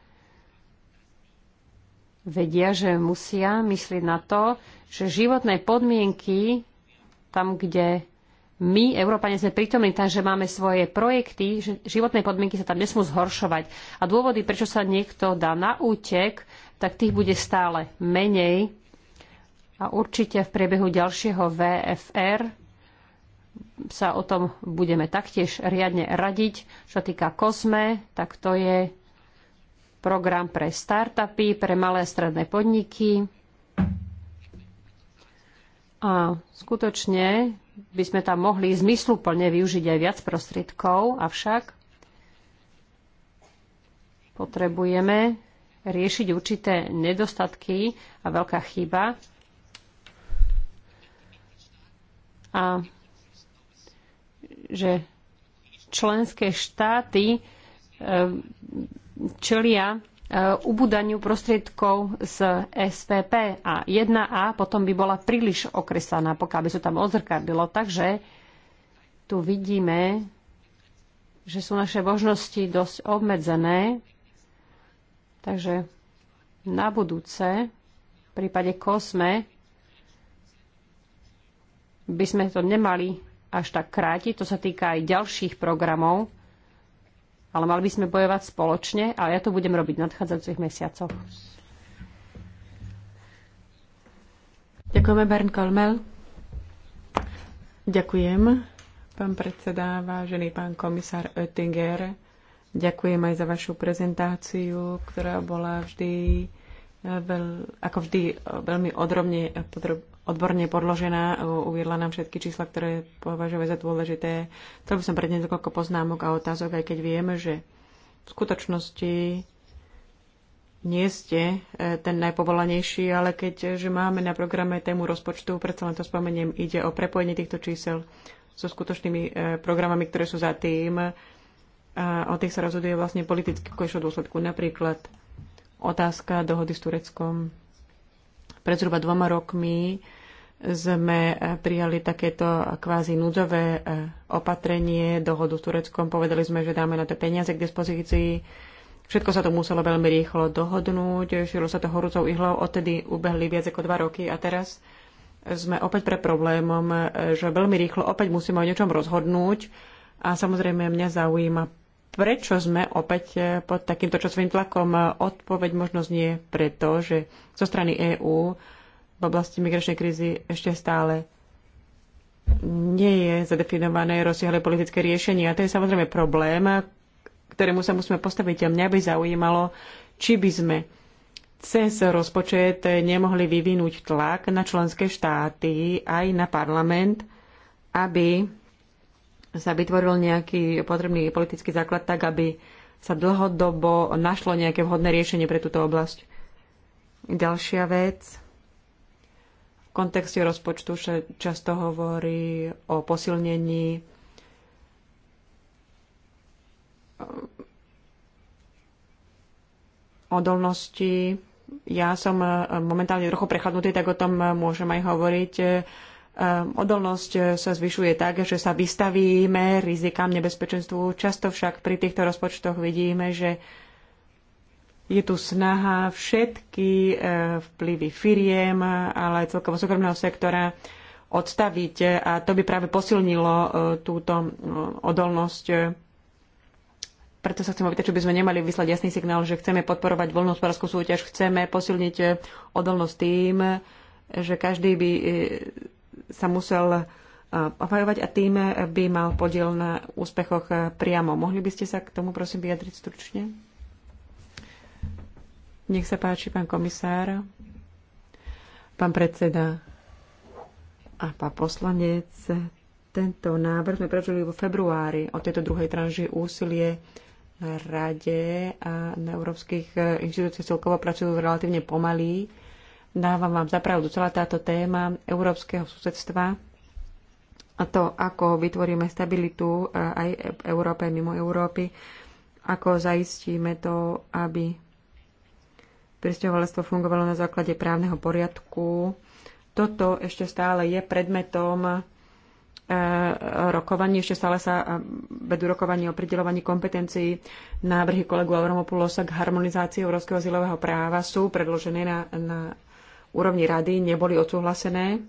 vedia, že musia myslieť na to, že životné podmienky tam, kde my, Európane, sme prítomní tam, že máme svoje projekty, že životné podmienky sa tam nesmú zhoršovať. A dôvody, prečo sa niekto dá na útek, tak tých bude stále menej. A určite v priebehu ďalšieho VFR sa o tom budeme taktiež riadne radiť. Čo týka Kozme, tak to je program pre startupy, pre malé a stredné podniky. A skutočne by sme tam mohli zmysluplne využiť aj viac prostriedkov, avšak potrebujeme riešiť určité nedostatky a veľká chyba. A že členské štáty e, čelia e, ubúdaniu prostriedkov z SPP a 1A potom by bola príliš okresaná, pokiaľ by sa tam odzrkadlilo. Takže tu vidíme, že sú naše možnosti dosť obmedzené. Takže na budúce, v prípade Kosme, by sme to nemali až tak krátiť. To sa týka aj ďalších programov, ale mali by sme bojovať spoločne a ja to budem robiť v nadchádzajúcich mesiacoch. Ďakujeme, Bern Kolmel. Ďakujem, pán predseda, vážený pán komisár Oettinger. Ďakujem aj za vašu prezentáciu, ktorá bola vždy eh, veľ, ako vždy eh, veľmi odrobne eh, podrob, odborne podložená, uviedla nám všetky čísla, ktoré považuje za dôležité. Chcel by som predniesť niekoľko poznámok a otázok, aj keď vieme, že v skutočnosti nie ste e, ten najpovolanejší, ale keďže e, máme na programe tému rozpočtu, predsa len to spomeniem, ide o prepojenie týchto čísel so skutočnými e, programami, ktoré sú za tým. A o tých sa rozhoduje vlastne politicky v dôsledku. Napríklad otázka dohody s Tureckom, pred zhruba dvoma rokmi sme eh, prijali takéto kvázi núdzové eh, opatrenie, dohodu s Tureckom. Povedali sme, že dáme na to peniaze k dispozícii. Všetko sa to muselo veľmi rýchlo dohodnúť, šilo sa to horúcou ihlou, odtedy ubehli viac ako dva roky a teraz sme opäť pre problémom, eh, že veľmi rýchlo opäť musíme o niečom rozhodnúť a samozrejme mňa zaujíma, prečo sme opäť eh, pod takýmto časovým tlakom? Eh, odpoveď možno znie preto, že zo strany EÚ v oblasti migračnej krízy ešte stále nie je zadefinované rozsiahle politické riešenie. A to je samozrejme problém, ktorému sa musíme postaviť. A mňa by zaujímalo, či by sme cez rozpočet nemohli vyvinúť tlak na členské štáty aj na parlament, aby sa vytvoril nejaký potrebný politický základ tak, aby sa dlhodobo našlo nejaké vhodné riešenie pre túto oblasť. Ďalšia vec. V kontexte rozpočtu sa často hovorí o posilnení odolnosti. Ja som momentálne trochu prechladnutý, tak o tom môžem aj hovoriť Ehm, odolnosť eh, sa zvyšuje tak, že sa vystavíme rizikám nebezpečenstvu. Často však pri týchto rozpočtoch vidíme, že je tu snaha všetky eh, vplyvy firiem, ale aj celkovo súkromného sektora odstaviť a to by práve posilnilo eh, túto odolnosť. Preto sa chcem opýtať, či by sme nemali vyslať jasný signál, že chceme podporovať voľnú voľnohospodárskú súťaž, chceme posilniť odolnosť tým, že každý by sa musel e, obhajovať a tým by mal podiel na úspechoch e, priamo. Mohli by ste sa k tomu prosím vyjadriť stručne? Nech sa páči, pán komisár, pán predseda a pán poslanec. Tento návrh sme prežili vo februári o tejto druhej tranži úsilie na rade a na európskych inštitúciách celkovo pracujú relatívne pomalý. Dávam vám zapravdu celá táto téma európskeho susedstva a to, ako vytvoríme stabilitu e, aj v Európe, mimo Európy, ako zaistíme to, aby pristahovalectvo fungovalo na základe právneho poriadku. Toto ešte stále je predmetom e, rokovaní, ešte stále sa e, vedú rokovanie o pridelovaní kompetencií. Návrhy kolegu Auromopulosa k harmonizácii európskeho zilového práva sú predložené na, na úrovni rady neboli odsúhlasené.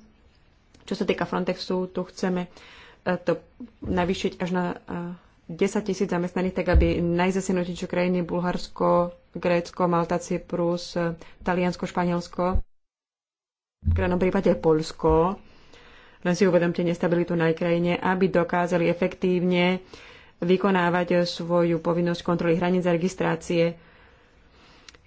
Čo sa týka Frontexu, tu chceme e, to navýšiť až na 10 e, tisíc zamestnaných, tak aby najzasenutejšie krajiny Bulharsko, Grécko, Malta, Cyprus, e, Taliansko, Španielsko, v krajnom prípade Polsko, len si uvedomte nestabilitu na krajine, aby dokázali efektívne vykonávať svoju povinnosť kontroly hraníc a registrácie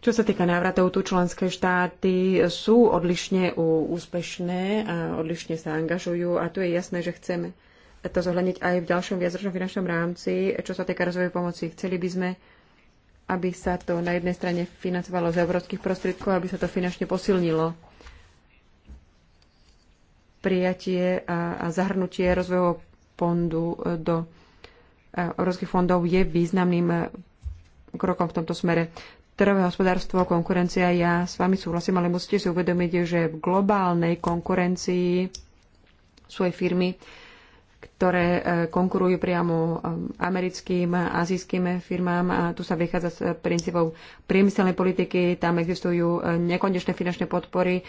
čo sa týka návratov, tu členské štáty sú odlišne úspešné a odlišne sa angažujú a tu je jasné, že chceme to zohľadniť aj v ďalšom viacročnom finančnom rámci. Čo sa týka rozvojovej pomoci, chceli by sme, aby sa to na jednej strane financovalo z európskych prostriedkov, aby sa to finančne posilnilo prijatie a zahrnutie rozvojového fondu do európskych fondov je významným krokom v tomto smere trhové hospodárstvo, konkurencia, ja s vami súhlasím, ale musíte si uvedomiť, že v globálnej konkurencii sú aj firmy, ktoré e, konkurujú priamo e, americkým, azijským firmám a tu sa vychádza s princípov priemyselnej politiky, tam existujú e, nekonečné finančné podpory,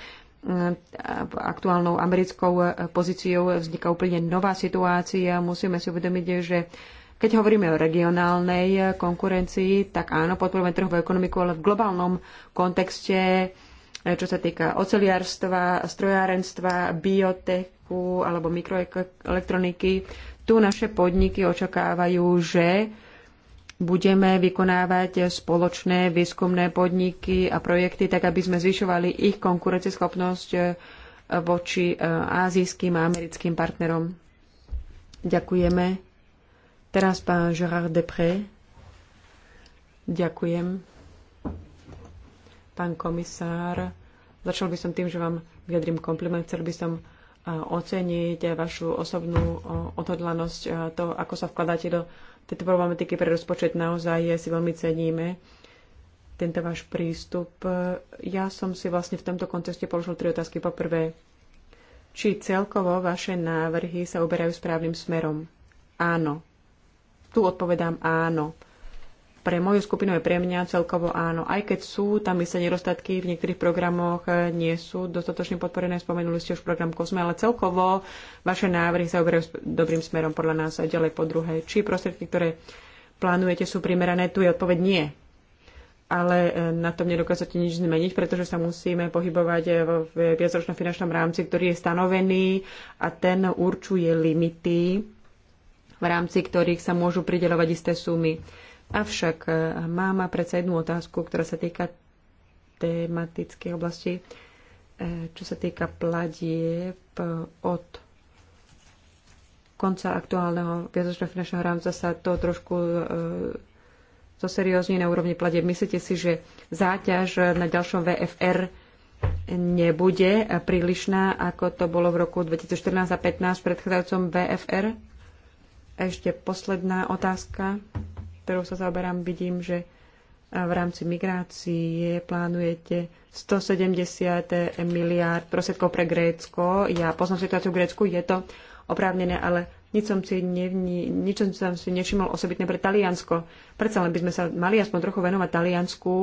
aktuálnou americkou pozíciou vzniká úplne nová situácia. Musíme si uvedomiť, že keď hovoríme o regionálnej konkurencii, tak áno, podporujeme trhovú ekonomiku, ale v globálnom kontexte, eh, čo sa týka oceliarstva, strojárenstva, biotechu alebo mikroelektroniky, tu naše podniky očakávajú, že budeme vykonávať spoločné výskumné podniky a projekty, tak aby sme zvyšovali ich konkurenceschopnosť eh, voči ázijským eh, a americkým partnerom. Ďakujeme. Teraz pán Gerard Depré. Ďakujem. Pán komisár, začal by som tým, že vám vyjadrím kompliment. Chcel by som oceniť vašu osobnú odhodlanosť, to, ako sa vkladáte do tejto problematiky pre rozpočet. Naozaj si veľmi ceníme tento váš prístup. Ja som si vlastne v tomto kontexte položil tri otázky. Po prvé, či celkovo vaše návrhy sa uberajú správnym smerom? Áno, tu odpovedám áno. Pre moju skupinu je pre mňa celkovo áno. Aj keď sú tam isté nedostatky, v niektorých programoch eh, nie sú dostatočne podporené, spomenuli ste už program Kosme, ale celkovo vaše návrhy sa uberajú dobrým smerom podľa nás aj ďalej po druhé. Či prostriedky, ktoré plánujete, sú primerané, tu je odpoveď nie ale eh, na tom nedokážete nič zmeniť, pretože sa musíme pohybovať eh, v viacročnom finančnom rámci, ktorý je stanovený a ten určuje limity v rámci ktorých sa môžu pridelovať isté sumy. Avšak e, mám predsa jednu otázku, ktorá sa týka tematickej oblasti, e, čo sa týka platieb e, od konca aktuálneho viazočného finančného rámca sa to trošku to seriózne na úrovni platieb. Myslíte si, že záťaž na ďalšom VFR nebude prílišná, ako to bolo v roku 2014 a 2015 v predchádzajúcom VFR? ešte posledná otázka, ktorou sa zaoberám. Vidím, že eh, v rámci migrácie plánujete 170 miliárd prosedkov pre Grécko. Ja poznám situáciu v Grécku, je to oprávnené, ale nič som si, nevni, nič som si nevšimol osobitne pre Taliansko. Predsa len by sme sa mali aspoň trochu venovať Taliansku,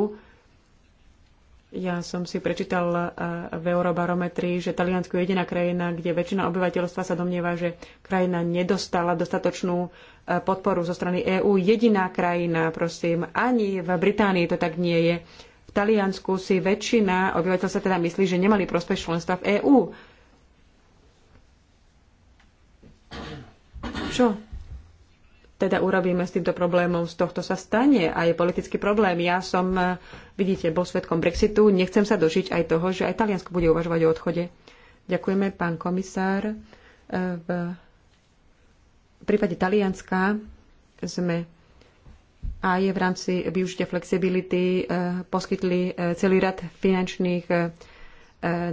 ja som si prečítal eh, v Eurobarometri, že Taliansko je jediná krajina, kde väčšina obyvateľstva sa domnieva, že krajina nedostala dostatočnú eh, podporu zo strany EÚ. Jediná krajina, prosím, ani v Británii to tak nie je. V Taliansku si väčšina obyvateľstva teda myslí, že nemali prospech členstva v EÚ. Čo teda urobíme s týmto problémom, z tohto sa stane a je politický problém. Ja som, eh, vidíte, bol svetkom Brexitu, nechcem sa dožiť aj toho, že aj Taliansko bude uvažovať o odchode. Ďakujeme, pán komisár. Eh, v prípade Talianska sme aj v rámci využitia flexibility eh, poskytli celý rad finančných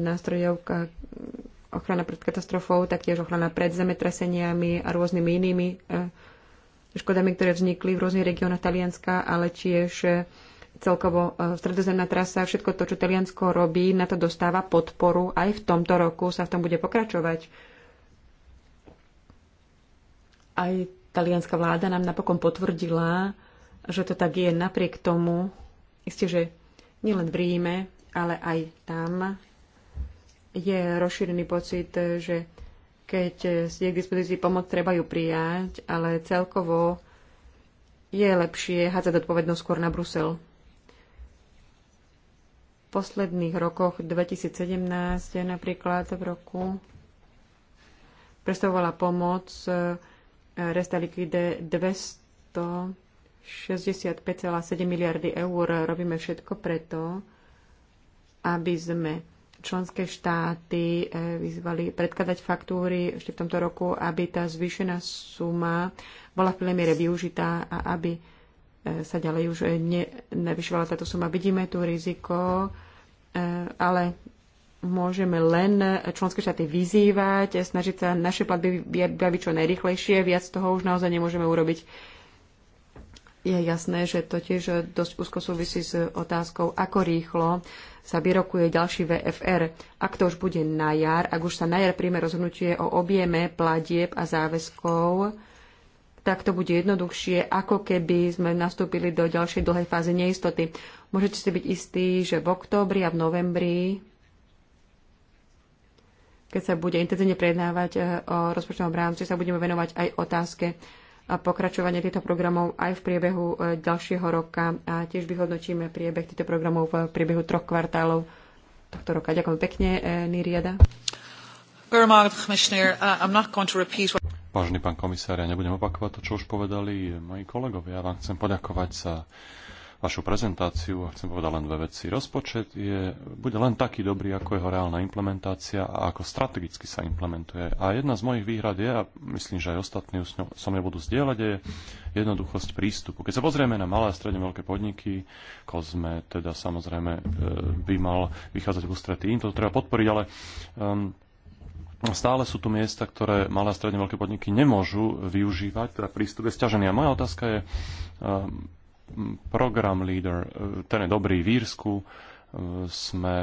nástrojov ochrana pred katastrofou, taktiež ochrana pred zemetraseniami a rôznymi inými škodami, ktoré vznikli v rôznych regiónoch Talianska, ale tiež e, celkovo e, stredozemná trasa, všetko to, čo Taliansko robí, na to dostáva podporu. Aj v tomto roku sa v tom bude pokračovať. Aj talianská vláda nám napokon potvrdila, že to tak je napriek tomu, isté, že nielen v Ríme, ale aj tam je rozšírený pocit, že keď je k dispozícii pomoc, treba ju prijať, ale celkovo je lepšie hádzať odpovednosť skôr na Brusel. V posledných rokoch 2017 napríklad v roku predstavovala pomoc e, Resta Liquide 265,7 miliardy eur. Robíme všetko preto, aby sme členské štáty eh, vyzvali predkladať faktúry ešte v tomto roku, aby tá zvýšená suma bola v plnej miere využitá a aby eh, sa ďalej už eh, nevyšovala táto suma. Vidíme tu riziko, ale môžeme len členské štáty vyzývať, snažiť sa naše platby vybaviť čo najrychlejšie, viac toho už naozaj nemôžeme urobiť je jasné, že to tiež dosť úzko súvisí s otázkou, ako rýchlo sa vyrokuje ďalší VFR. Ak to už bude na jar, ak už sa na jar príjme rozhodnutie o objeme platieb a záväzkov, tak to bude jednoduchšie, ako keby sme nastúpili do ďalšej dlhej fázy neistoty. Môžete si byť istí, že v októbri a v novembri, keď sa bude intenzívne prednávať eh, o rozpočtovom rámci, sa budeme venovať aj otázke a pokračovanie týchto programov aj v priebehu e, ďalšieho roka a tiež vyhodnotíme priebeh týchto programov v priebehu troch kvartálov tohto roka. Ďakujem pekne, e, Niriada. Uh, Vážený pán komisár, ja nebudem opakovať to, čo už povedali moji kolegovia. Ja vám chcem poďakovať za vašu prezentáciu a chcem povedať len dve veci. Rozpočet je, bude len taký dobrý, ako jeho reálna implementácia a ako strategicky sa implementuje. A jedna z mojich výhrad je, a myslím, že aj ostatní so mnou budú zdieľať, je jednoduchosť prístupu. Keď sa pozrieme na malé a stredne veľké podniky, Kozme teda samozrejme e, by mal vychádzať v ústretí, im to treba podporiť, ale um, stále sú tu miesta, ktoré malé a stredne veľké podniky nemôžu využívať, teda prístup je stiažený. A moja otázka je, um, program Leader, e, ten je dobrý v Írsku. E, sme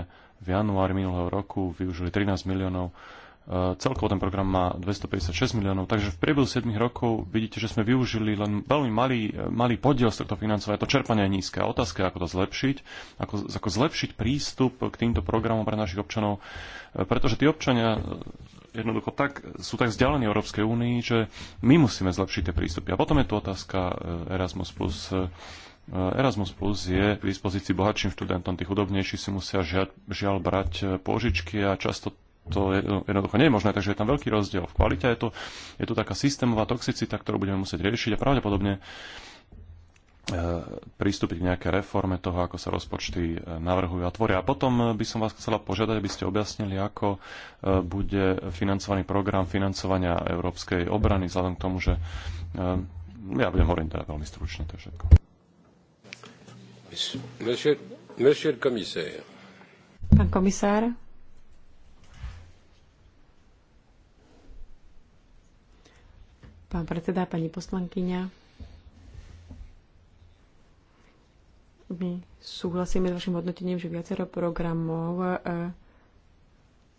v januári minulého roku využili 13 miliónov. E, celkovo ten program má 256 miliónov, takže v priebehu 7 rokov vidíte, že sme využili len veľmi malý, malý podiel z tohto financovania. To čerpanie je nízke. otázka je, ako to zlepšiť, ako, ako zlepšiť prístup k týmto programom pre našich občanov, pretože tí občania jednoducho tak, sú tak vzdialení Európskej únii, že my musíme zlepšiť tie prístupy. A potom je tu otázka eh, Erasmus+. Eh, Erasmus Plus je k dispozícii bohatším študentom, tí chudobnejší si musia žiaľ, žiaľ brať eh, pôžičky a často to jednoducho nie je možné, takže je tam veľký rozdiel v kvalite. Je to, je to taká systémová toxicita, ktorú budeme musieť riešiť a pravdepodobne E, pristúpiť k nejaké reforme toho, ako sa rozpočty e, navrhujú a tvoria. A potom by som vás chcela požiadať, aby ste objasnili, ako e, bude financovaný program financovania európskej obrany, vzhľadom k tomu, že ja budem hovoriť teda veľmi stručne, to je všetko. Monsieur, monsieur Pán komisár. Pán predseda, pani poslankyňa. My súhlasíme s vašim hodnotením, že viacero programov eh,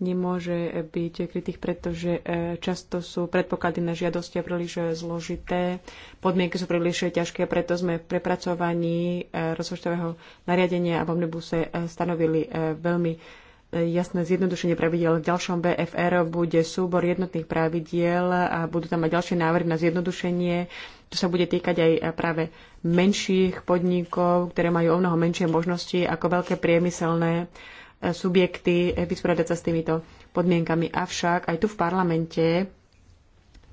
nemôže byť krytých, pretože eh, často sú predpoklady na žiadosti príliš eh, zložité, podmienky sú príliš ťažké, preto sme v prepracovaní rozpočtového nariadenia a v omnibuse stanovili veľmi jasné zjednodušenie pravidiel. V ďalšom BFR bude súbor jednotných pravidiel a budú tam aj ďalšie návrhy na zjednodušenie. To sa bude týkať aj práve menších podnikov, ktoré majú o mnoho menšie možnosti ako veľké priemyselné e, subjekty e, vysporiadať sa s týmito podmienkami. Avšak aj tu v parlamente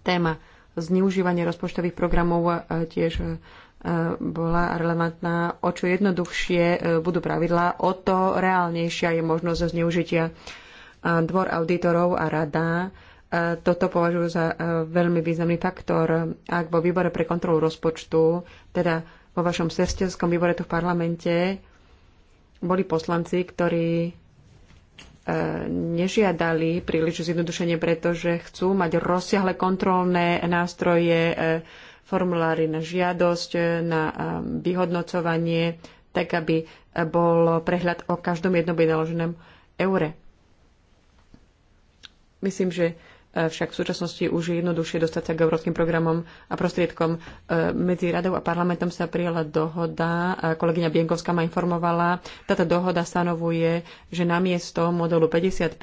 téma zneužívania rozpočtových programov e, tiež E, bola relevantná, o čo jednoduchšie e, budú pravidlá, o to reálnejšia je možnosť zneužitia. E, dvor auditorov a rada toto považujú za veľmi významný faktor. Ak vo výbore pre kontrolu rozpočtu, teda vo vašom sestelskom výbore tu v parlamente, boli poslanci, ktorí nežiadali príliš zjednodušenie, pretože chcú mať rozsiahle kontrolné nástroje, formulári na žiadosť, e, na e, vyhodnocovanie, tak aby bol prehľad o každom jednom vynaloženom eure. Myslím, že však v súčasnosti už je jednoduchšie dostať sa k európskym programom a prostriedkom. E, medzi radou a parlamentom sa prijala dohoda, kolegyňa Bienkovská ma informovala. Táto dohoda stanovuje, že namiesto modelu 50-50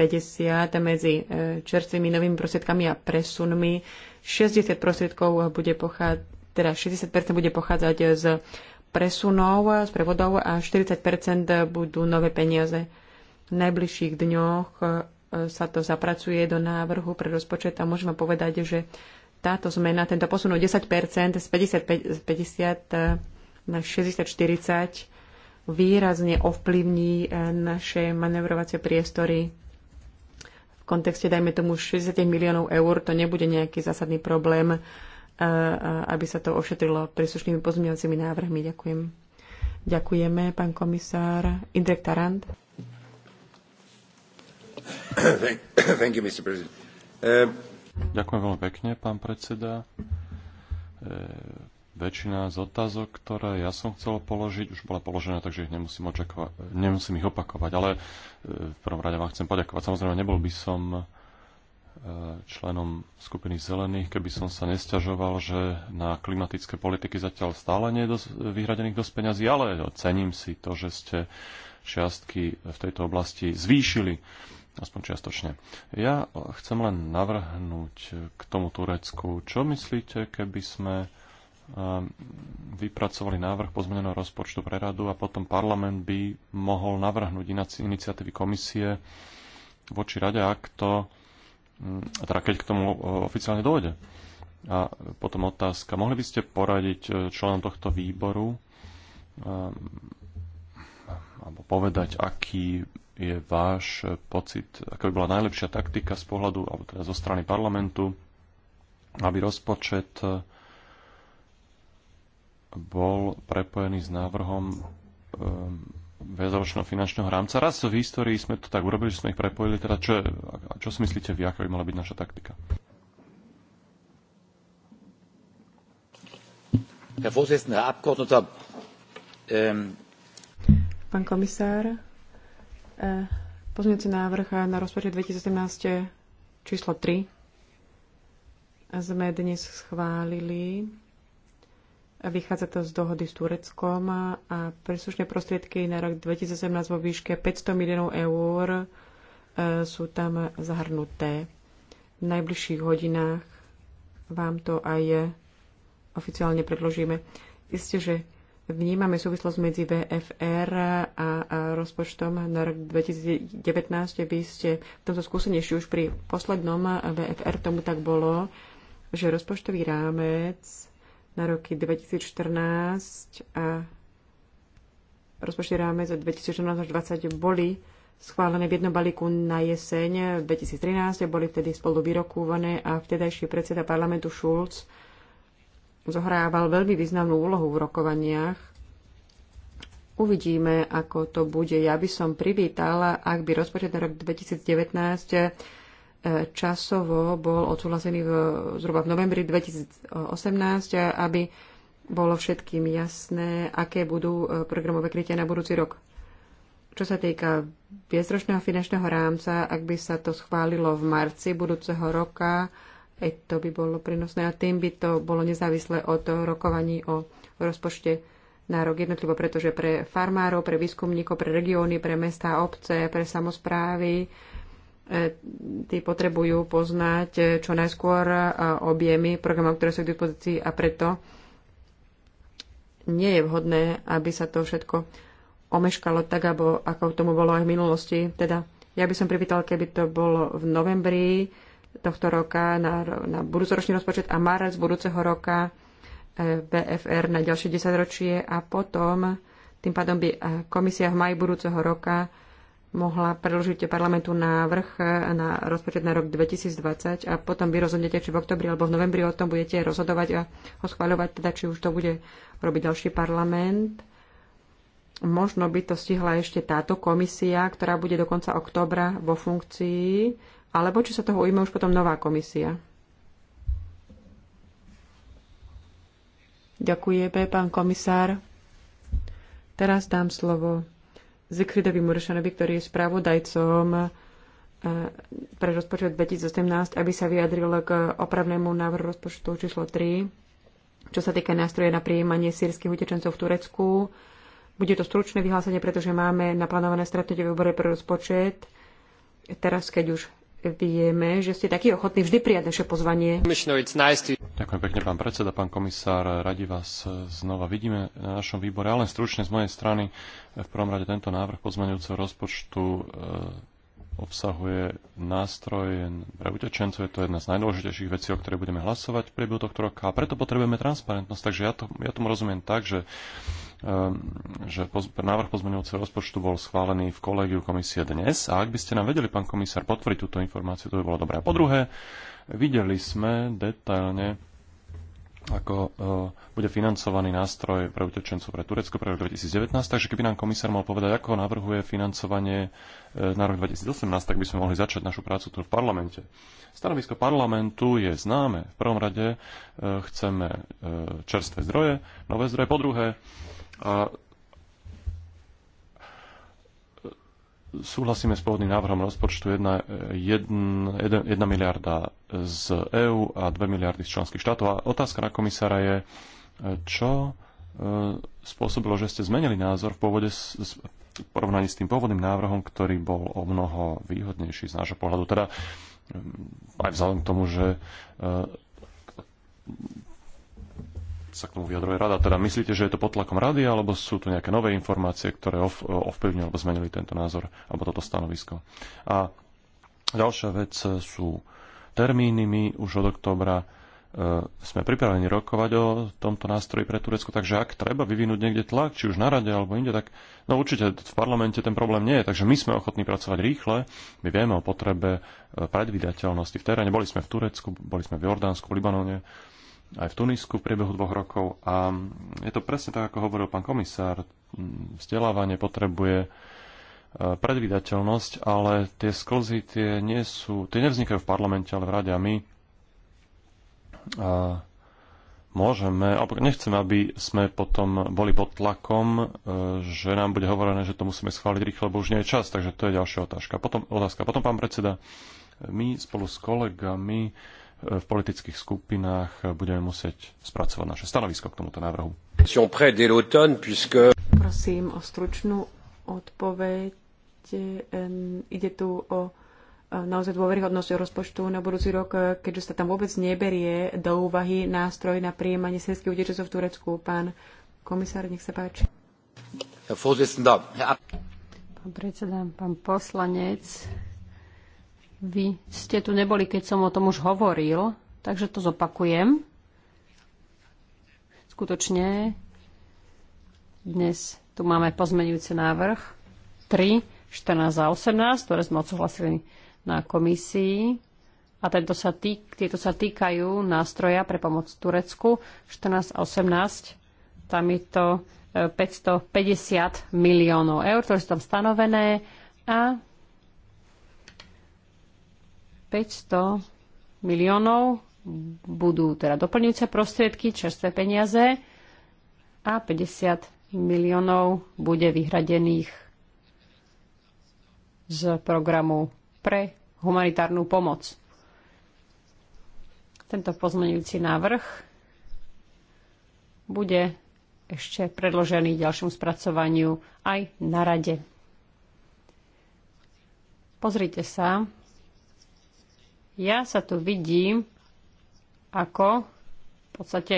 medzi e, čerstvými novými prostriedkami a presunmi 60 prostriedkov bude pochádzať teda 60% bude pochádzať z presunov, z prevodov a 40% budú nové peniaze. V najbližších dňoch sa to zapracuje do návrhu pre rozpočet a môžeme povedať, že táto zmena, tento posunú 10% z 50, 50 e, na 60-40 výrazne ovplyvní e, naše manevrovacie priestory. V kontexte, dajme tomu, 60 miliónov eur, to nebude nejaký zásadný problém, e, aby sa to ošetrilo príslušnými pozmeňovacími návrhmi. Ďakujem. Ďakujeme, pán komisár. Indrek Tarant. *coughs* Um, Ďakujem veľmi pekne, pán predseda. E, väčšina z otázok, ktoré ja som chcel položiť, už bola položená, takže ich nemusím, očakova- nemusím ich opakovať. Ale e, v prvom rade vám chcem poďakovať. Samozrejme, nebol by som e, členom skupiny zelených, keby som sa nestiažoval, že na klimatické politiky zatiaľ stále nie je dosť vyhradených dosť peňazí, ale cením si to, že ste šiastky v tejto oblasti zvýšili aspoň čiastočne. Ja chcem len navrhnúť k tomu Turecku. Čo myslíte, keby sme eh, vypracovali návrh pozmeneného rozpočtu pre radu a potom parlament by mohol navrhnúť iniciatívy komisie voči rade, ak to, mm, teda keď k tomu eh, oficiálne dojde. A potom otázka, mohli by ste poradiť eh, členom tohto výboru alebo povedať, aký je váš pocit, aká by bola najlepšia taktika z pohľadu, alebo teda zo strany parlamentu, aby rozpočet bol prepojený s návrhom ehm, väzročného finančného rámca. Raz v histórii sme to tak urobili, že sme ich prepojili. Teda čo, čo si myslíte vy, aká by mala byť naša taktika? Ehm, Pán komisár, E, pozmeňujúci návrh na rozpočet 2017 číslo 3 sme dnes schválili. Vychádza to z dohody s Tureckom a príslušné prostriedky na rok 2017 vo výške 500 miliónov eur e, sú tam zahrnuté. V najbližších hodinách vám to aj oficiálne predložíme. Isté, že vnímame súvislosť medzi VFR a, a rozpočtom na rok 2019. Vy ste v tomto skúsenejší už pri poslednom VFR tomu tak bolo, že rozpočtový rámec na roky 2014 a rozpočtový rámec 2014 až 2020 boli schválené v jednom balíku na jeseň 2013, boli vtedy spolu vyrokúvané a vtedajší predseda parlamentu Schulz zohrával veľmi významnú úlohu v rokovaniach. Uvidíme, ako to bude. Ja by som privítala, ak by rozpočet na rok 2019 eh, časovo bol odsúhlasený v, zhruba v novembri 2018, aby bolo všetkým jasné, aké budú eh, programové krytia na budúci rok. Čo sa týka viesročného finančného rámca, ak by sa to schválilo v marci budúceho roka, aj to by bolo prenosné a tým by to bolo nezávislé od rokovaní o rozpočte na rok jednotlivo, pretože pre farmárov, pre výskumníkov, pre regióny, pre mesta, obce, pre samozprávy, e, tí potrebujú poznať e, čo najskôr e, objemy programov, ktoré sú k dispozícii a preto nie je vhodné, aby sa to všetko omeškalo tak, ako tomu bolo aj v minulosti. Teda ja by som privítal, keby to bolo v novembri, tohto roka na, na budúcoročný rozpočet a marec budúceho roka e, BFR na ďalšie 10 ročie a potom tým pádom by e, komisia v maji budúceho roka mohla predložiť parlamentu návrh na rozpočet na rok 2020 a potom vy rozhodnete, či v oktobri alebo v novembri o tom budete rozhodovať a ho schváľovať, teda či už to bude robiť ďalší parlament. Možno by to stihla ešte táto komisia, ktorá bude do konca oktobra vo funkcii alebo či sa toho ujme už potom nová komisia. Ďakujeme, pán komisár. Teraz dám slovo Zikridovi Muršanovi, ktorý je spravodajcom eh, pre rozpočet 2018, aby sa vyjadril k opravnému návrhu rozpočtu číslo 3, čo sa týka nástroje na prijímanie sírskych utečencov v Turecku. Bude to stručné vyhlásenie, pretože máme naplánované stretnutie výbore pre rozpočet teraz, keď už vieme, že ste takí ochotní vždy prijať naše pozvanie. Ďakujem pekne, pán predseda, pán komisár. Radi vás eh, znova vidíme na našom výbore. Ale len stručne z mojej strany, v prvom rade tento návrh pozmeňujúceho rozpočtu eh, obsahuje nástroj pre utečencov. Je to jedna z najdôležitejších vecí, o ktorej budeme hlasovať v priebehu tohto roka. A preto potrebujeme transparentnosť. Takže ja, to, ja tomu rozumiem tak, že Ehm, že návrh pozmeňujúceho rozpočtu bol schválený v kolégiu komisie dnes. A ak by ste nám vedeli, pán komisár, potvrdiť túto informáciu, to by bolo dobré. A po druhé, videli sme detailne, ako eh, bude financovaný nástroj pre utečencov pre Turecko pre rok 2019. Takže keby nám komisár mal povedať, ako navrhuje financovanie eh, na rok 2018, tak by sme mohli začať našu prácu tu v parlamente. Stanovisko parlamentu je známe. V prvom rade eh, chceme čerstvé zdroje, nové zdroje. Po druhé, a súhlasíme s pôvodným návrhom rozpočtu 1, 1, 1 miliarda z EÚ a 2 miliardy z členských štátov. A otázka na komisára je, čo e, spôsobilo, že ste zmenili názor v, pôvode s, v porovnaní s tým pôvodným návrhom, ktorý bol o mnoho výhodnejší z nášho pohľadu. Teda e, aj vzhľadom k tomu, že e, sa k tomu vyjadruje rada. Teda myslíte, že je to pod tlakom rady, alebo sú tu nejaké nové informácie, ktoré ov, ovplyvňujú alebo zmenili tento názor alebo toto stanovisko? A ďalšia vec e, sú termíny. My už od októbra e, sme pripravení rokovať o tomto nástroji pre Turecko, takže ak treba vyvinúť niekde tlak, či už na rade alebo inde, tak no určite v parlamente ten problém nie je, takže my sme ochotní pracovať rýchle, my vieme o potrebe e, predvydateľnosti v teréne, boli sme v Turecku, boli sme v Jordánsku, v Libanone, aj v Tunisku v priebehu dvoch rokov. A je to presne tak, ako hovoril pán komisár. Vzdelávanie potrebuje e, predvídateľnosť, ale tie sklzy tie, nie sú, tie nevznikajú v parlamente, ale v rade a my a e, môžeme, alebo nechcem, aby sme potom boli pod tlakom, e, že nám bude hovorené, že to musíme schváliť rýchlo, lebo už nie je čas, takže to je ďalšia otázka. Potom, otázka. Potom pán predseda, my spolu s kolegami v politických skupinách budeme musieť spracovať naše stanovisko k tomuto návrhu. Prosím o stručnú odpoveď. Ehm, ide tu o e, naozaj dôveryhodnosť rozpočtu na budúci rok, keďže sa tam vôbec neberie do úvahy nástroj na príjmanie sredských utečencov v Turecku. Pán komisár, nech sa páči. Pán predseda, pán poslanec, vy ste tu neboli, keď som o tom už hovoril, takže to zopakujem. Skutočne dnes tu máme pozmenujúci návrh 3, 14 a 18, ktoré sme odsúhlasili na komisii. A tento sa týk, tieto sa týkajú nástroja pre pomoc Turecku 14 a 18. Tam je to 550 e, miliónov eur, ktoré sú tam stanovené. A 500 miliónov budú teda doplňujúce prostriedky, čerstvé peniaze a 50 miliónov bude vyhradených z programu pre humanitárnu pomoc. Tento pozmenujúci návrh bude ešte predložený ďalšiemu spracovaniu aj na rade. Pozrite sa, ja sa tu vidím ako v podstate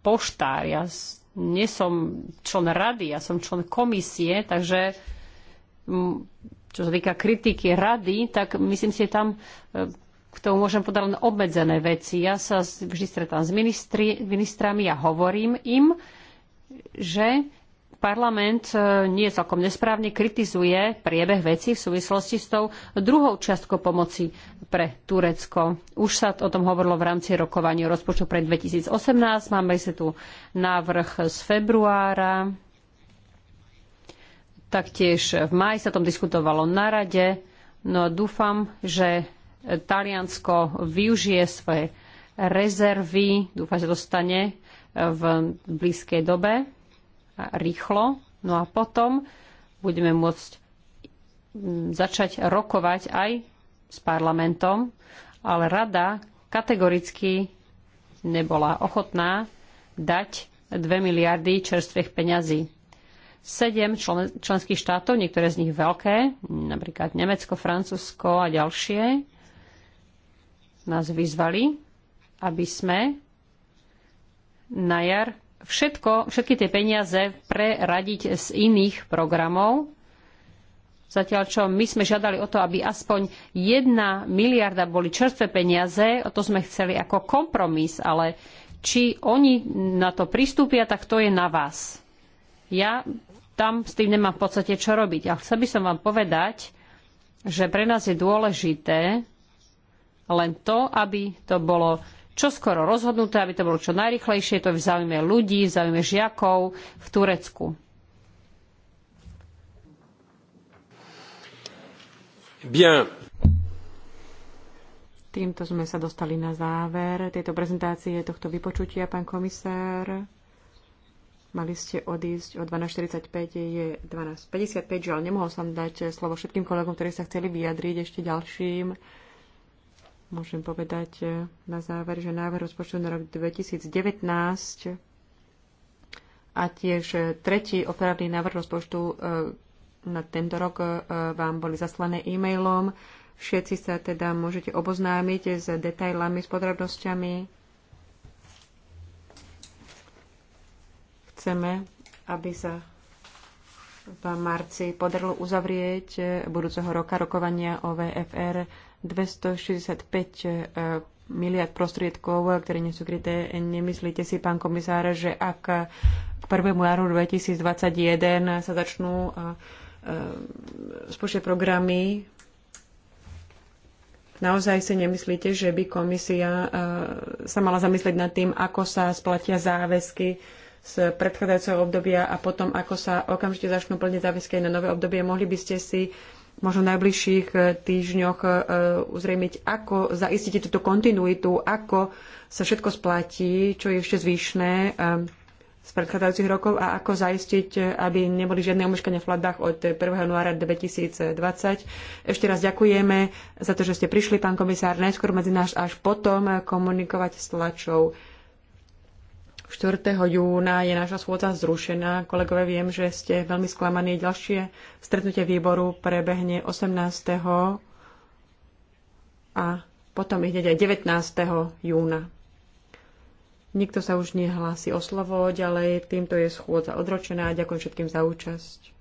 poštár. Ja nie som člen rady, ja som člen komisie, takže čo sa týka kritiky rady, tak myslím si, tam e, k tomu môžem podať len obmedzené veci. Ja sa vždy stretám s ministri, ministrami a ja hovorím im, že parlament e, nie celkom nesprávne kritizuje priebeh veci v súvislosti s tou druhou čiastkou pomoci pre Turecko. Už sa o tom hovorilo v rámci rokovania rozpočtu pre 2018. Máme si tu návrh z februára. Taktiež v maji sa tom diskutovalo na rade. No a dúfam, že Taliansko využije svoje rezervy. Dúfam, že dostane v blízkej dobe a rýchlo. No a potom budeme môcť mm, začať rokovať aj s parlamentom, ale rada kategoricky nebola ochotná dať 2 miliardy čerstvých peňazí. Sedem člen členských štátov, niektoré z nich veľké, napríklad Nemecko, Francúzsko a ďalšie, nás vyzvali, aby sme na jar všetko, všetky tie peniaze preradiť z iných programov. Zatiaľ, čo my sme žiadali o to, aby aspoň jedna miliarda boli čerstvé peniaze, o to sme chceli ako kompromis, ale či oni na to pristúpia, tak to je na vás. Ja tam s tým nemám v podstate čo robiť. A chcel by som vám povedať, že pre nás je dôležité len to, aby to bolo čo skoro rozhodnuté, aby to bolo čo najrychlejšie, to je v záujme ľudí, v záujme žiakov v Turecku. Bien. Týmto sme sa dostali na záver tejto prezentácie, tohto vypočutia, pán komisár. Mali ste odísť o 12.45, je 12.55, žiaľ nemohol som dať slovo všetkým kolegom, ktorí sa chceli vyjadriť, ešte ďalším môžem povedať e, na záver, že návrh rozpočtu na rok 2019 a tiež e, tretí opravný návrh rozpočtu e, na tento rok vám boli zaslané e-mailom. Všetci sa teda môžete oboznámiť s detailami, s podrobnosťami. Chceme, aby sa v marci podarilo uzavrieť budúceho roka rokovania o VFR 265 eh, miliard prostriedkov, eh, ktoré nie sú kryté. Nemyslíte si, pán komisár, že ak eh, k 1. januáru 2021 sa začnú spúšťať programy, naozaj si nemyslíte, že by komisia sa mala zamyslieť nad tým, ako sa splatia záväzky z predchádzajúceho obdobia a potom, ako sa okamžite začnú plniť záväzky aj na nové obdobie. Mohli by ste si možno v najbližších eh, týždňoch eh, uzrejmiť, ako zaistíte túto kontinuitu, ako sa všetko splatí, čo je ešte zvyšné eh, z predchádzajúcich rokov a ako zaistiť, aby neboli žiadne omeškania v platbách od 1. januára 2020. Ešte raz ďakujeme za to, že ste prišli, pán komisár, najskôr medzi náš až potom komunikovať s tlačou. 4. júna je naša schôdza zrušená. Kolegové, viem, že ste veľmi sklamaní. Ďalšie stretnutie výboru prebehne 18. a potom ide aj 19. júna. Nikto sa už nehlási o slovo, ďalej týmto je schôdza odročená. Ďakujem všetkým za účasť.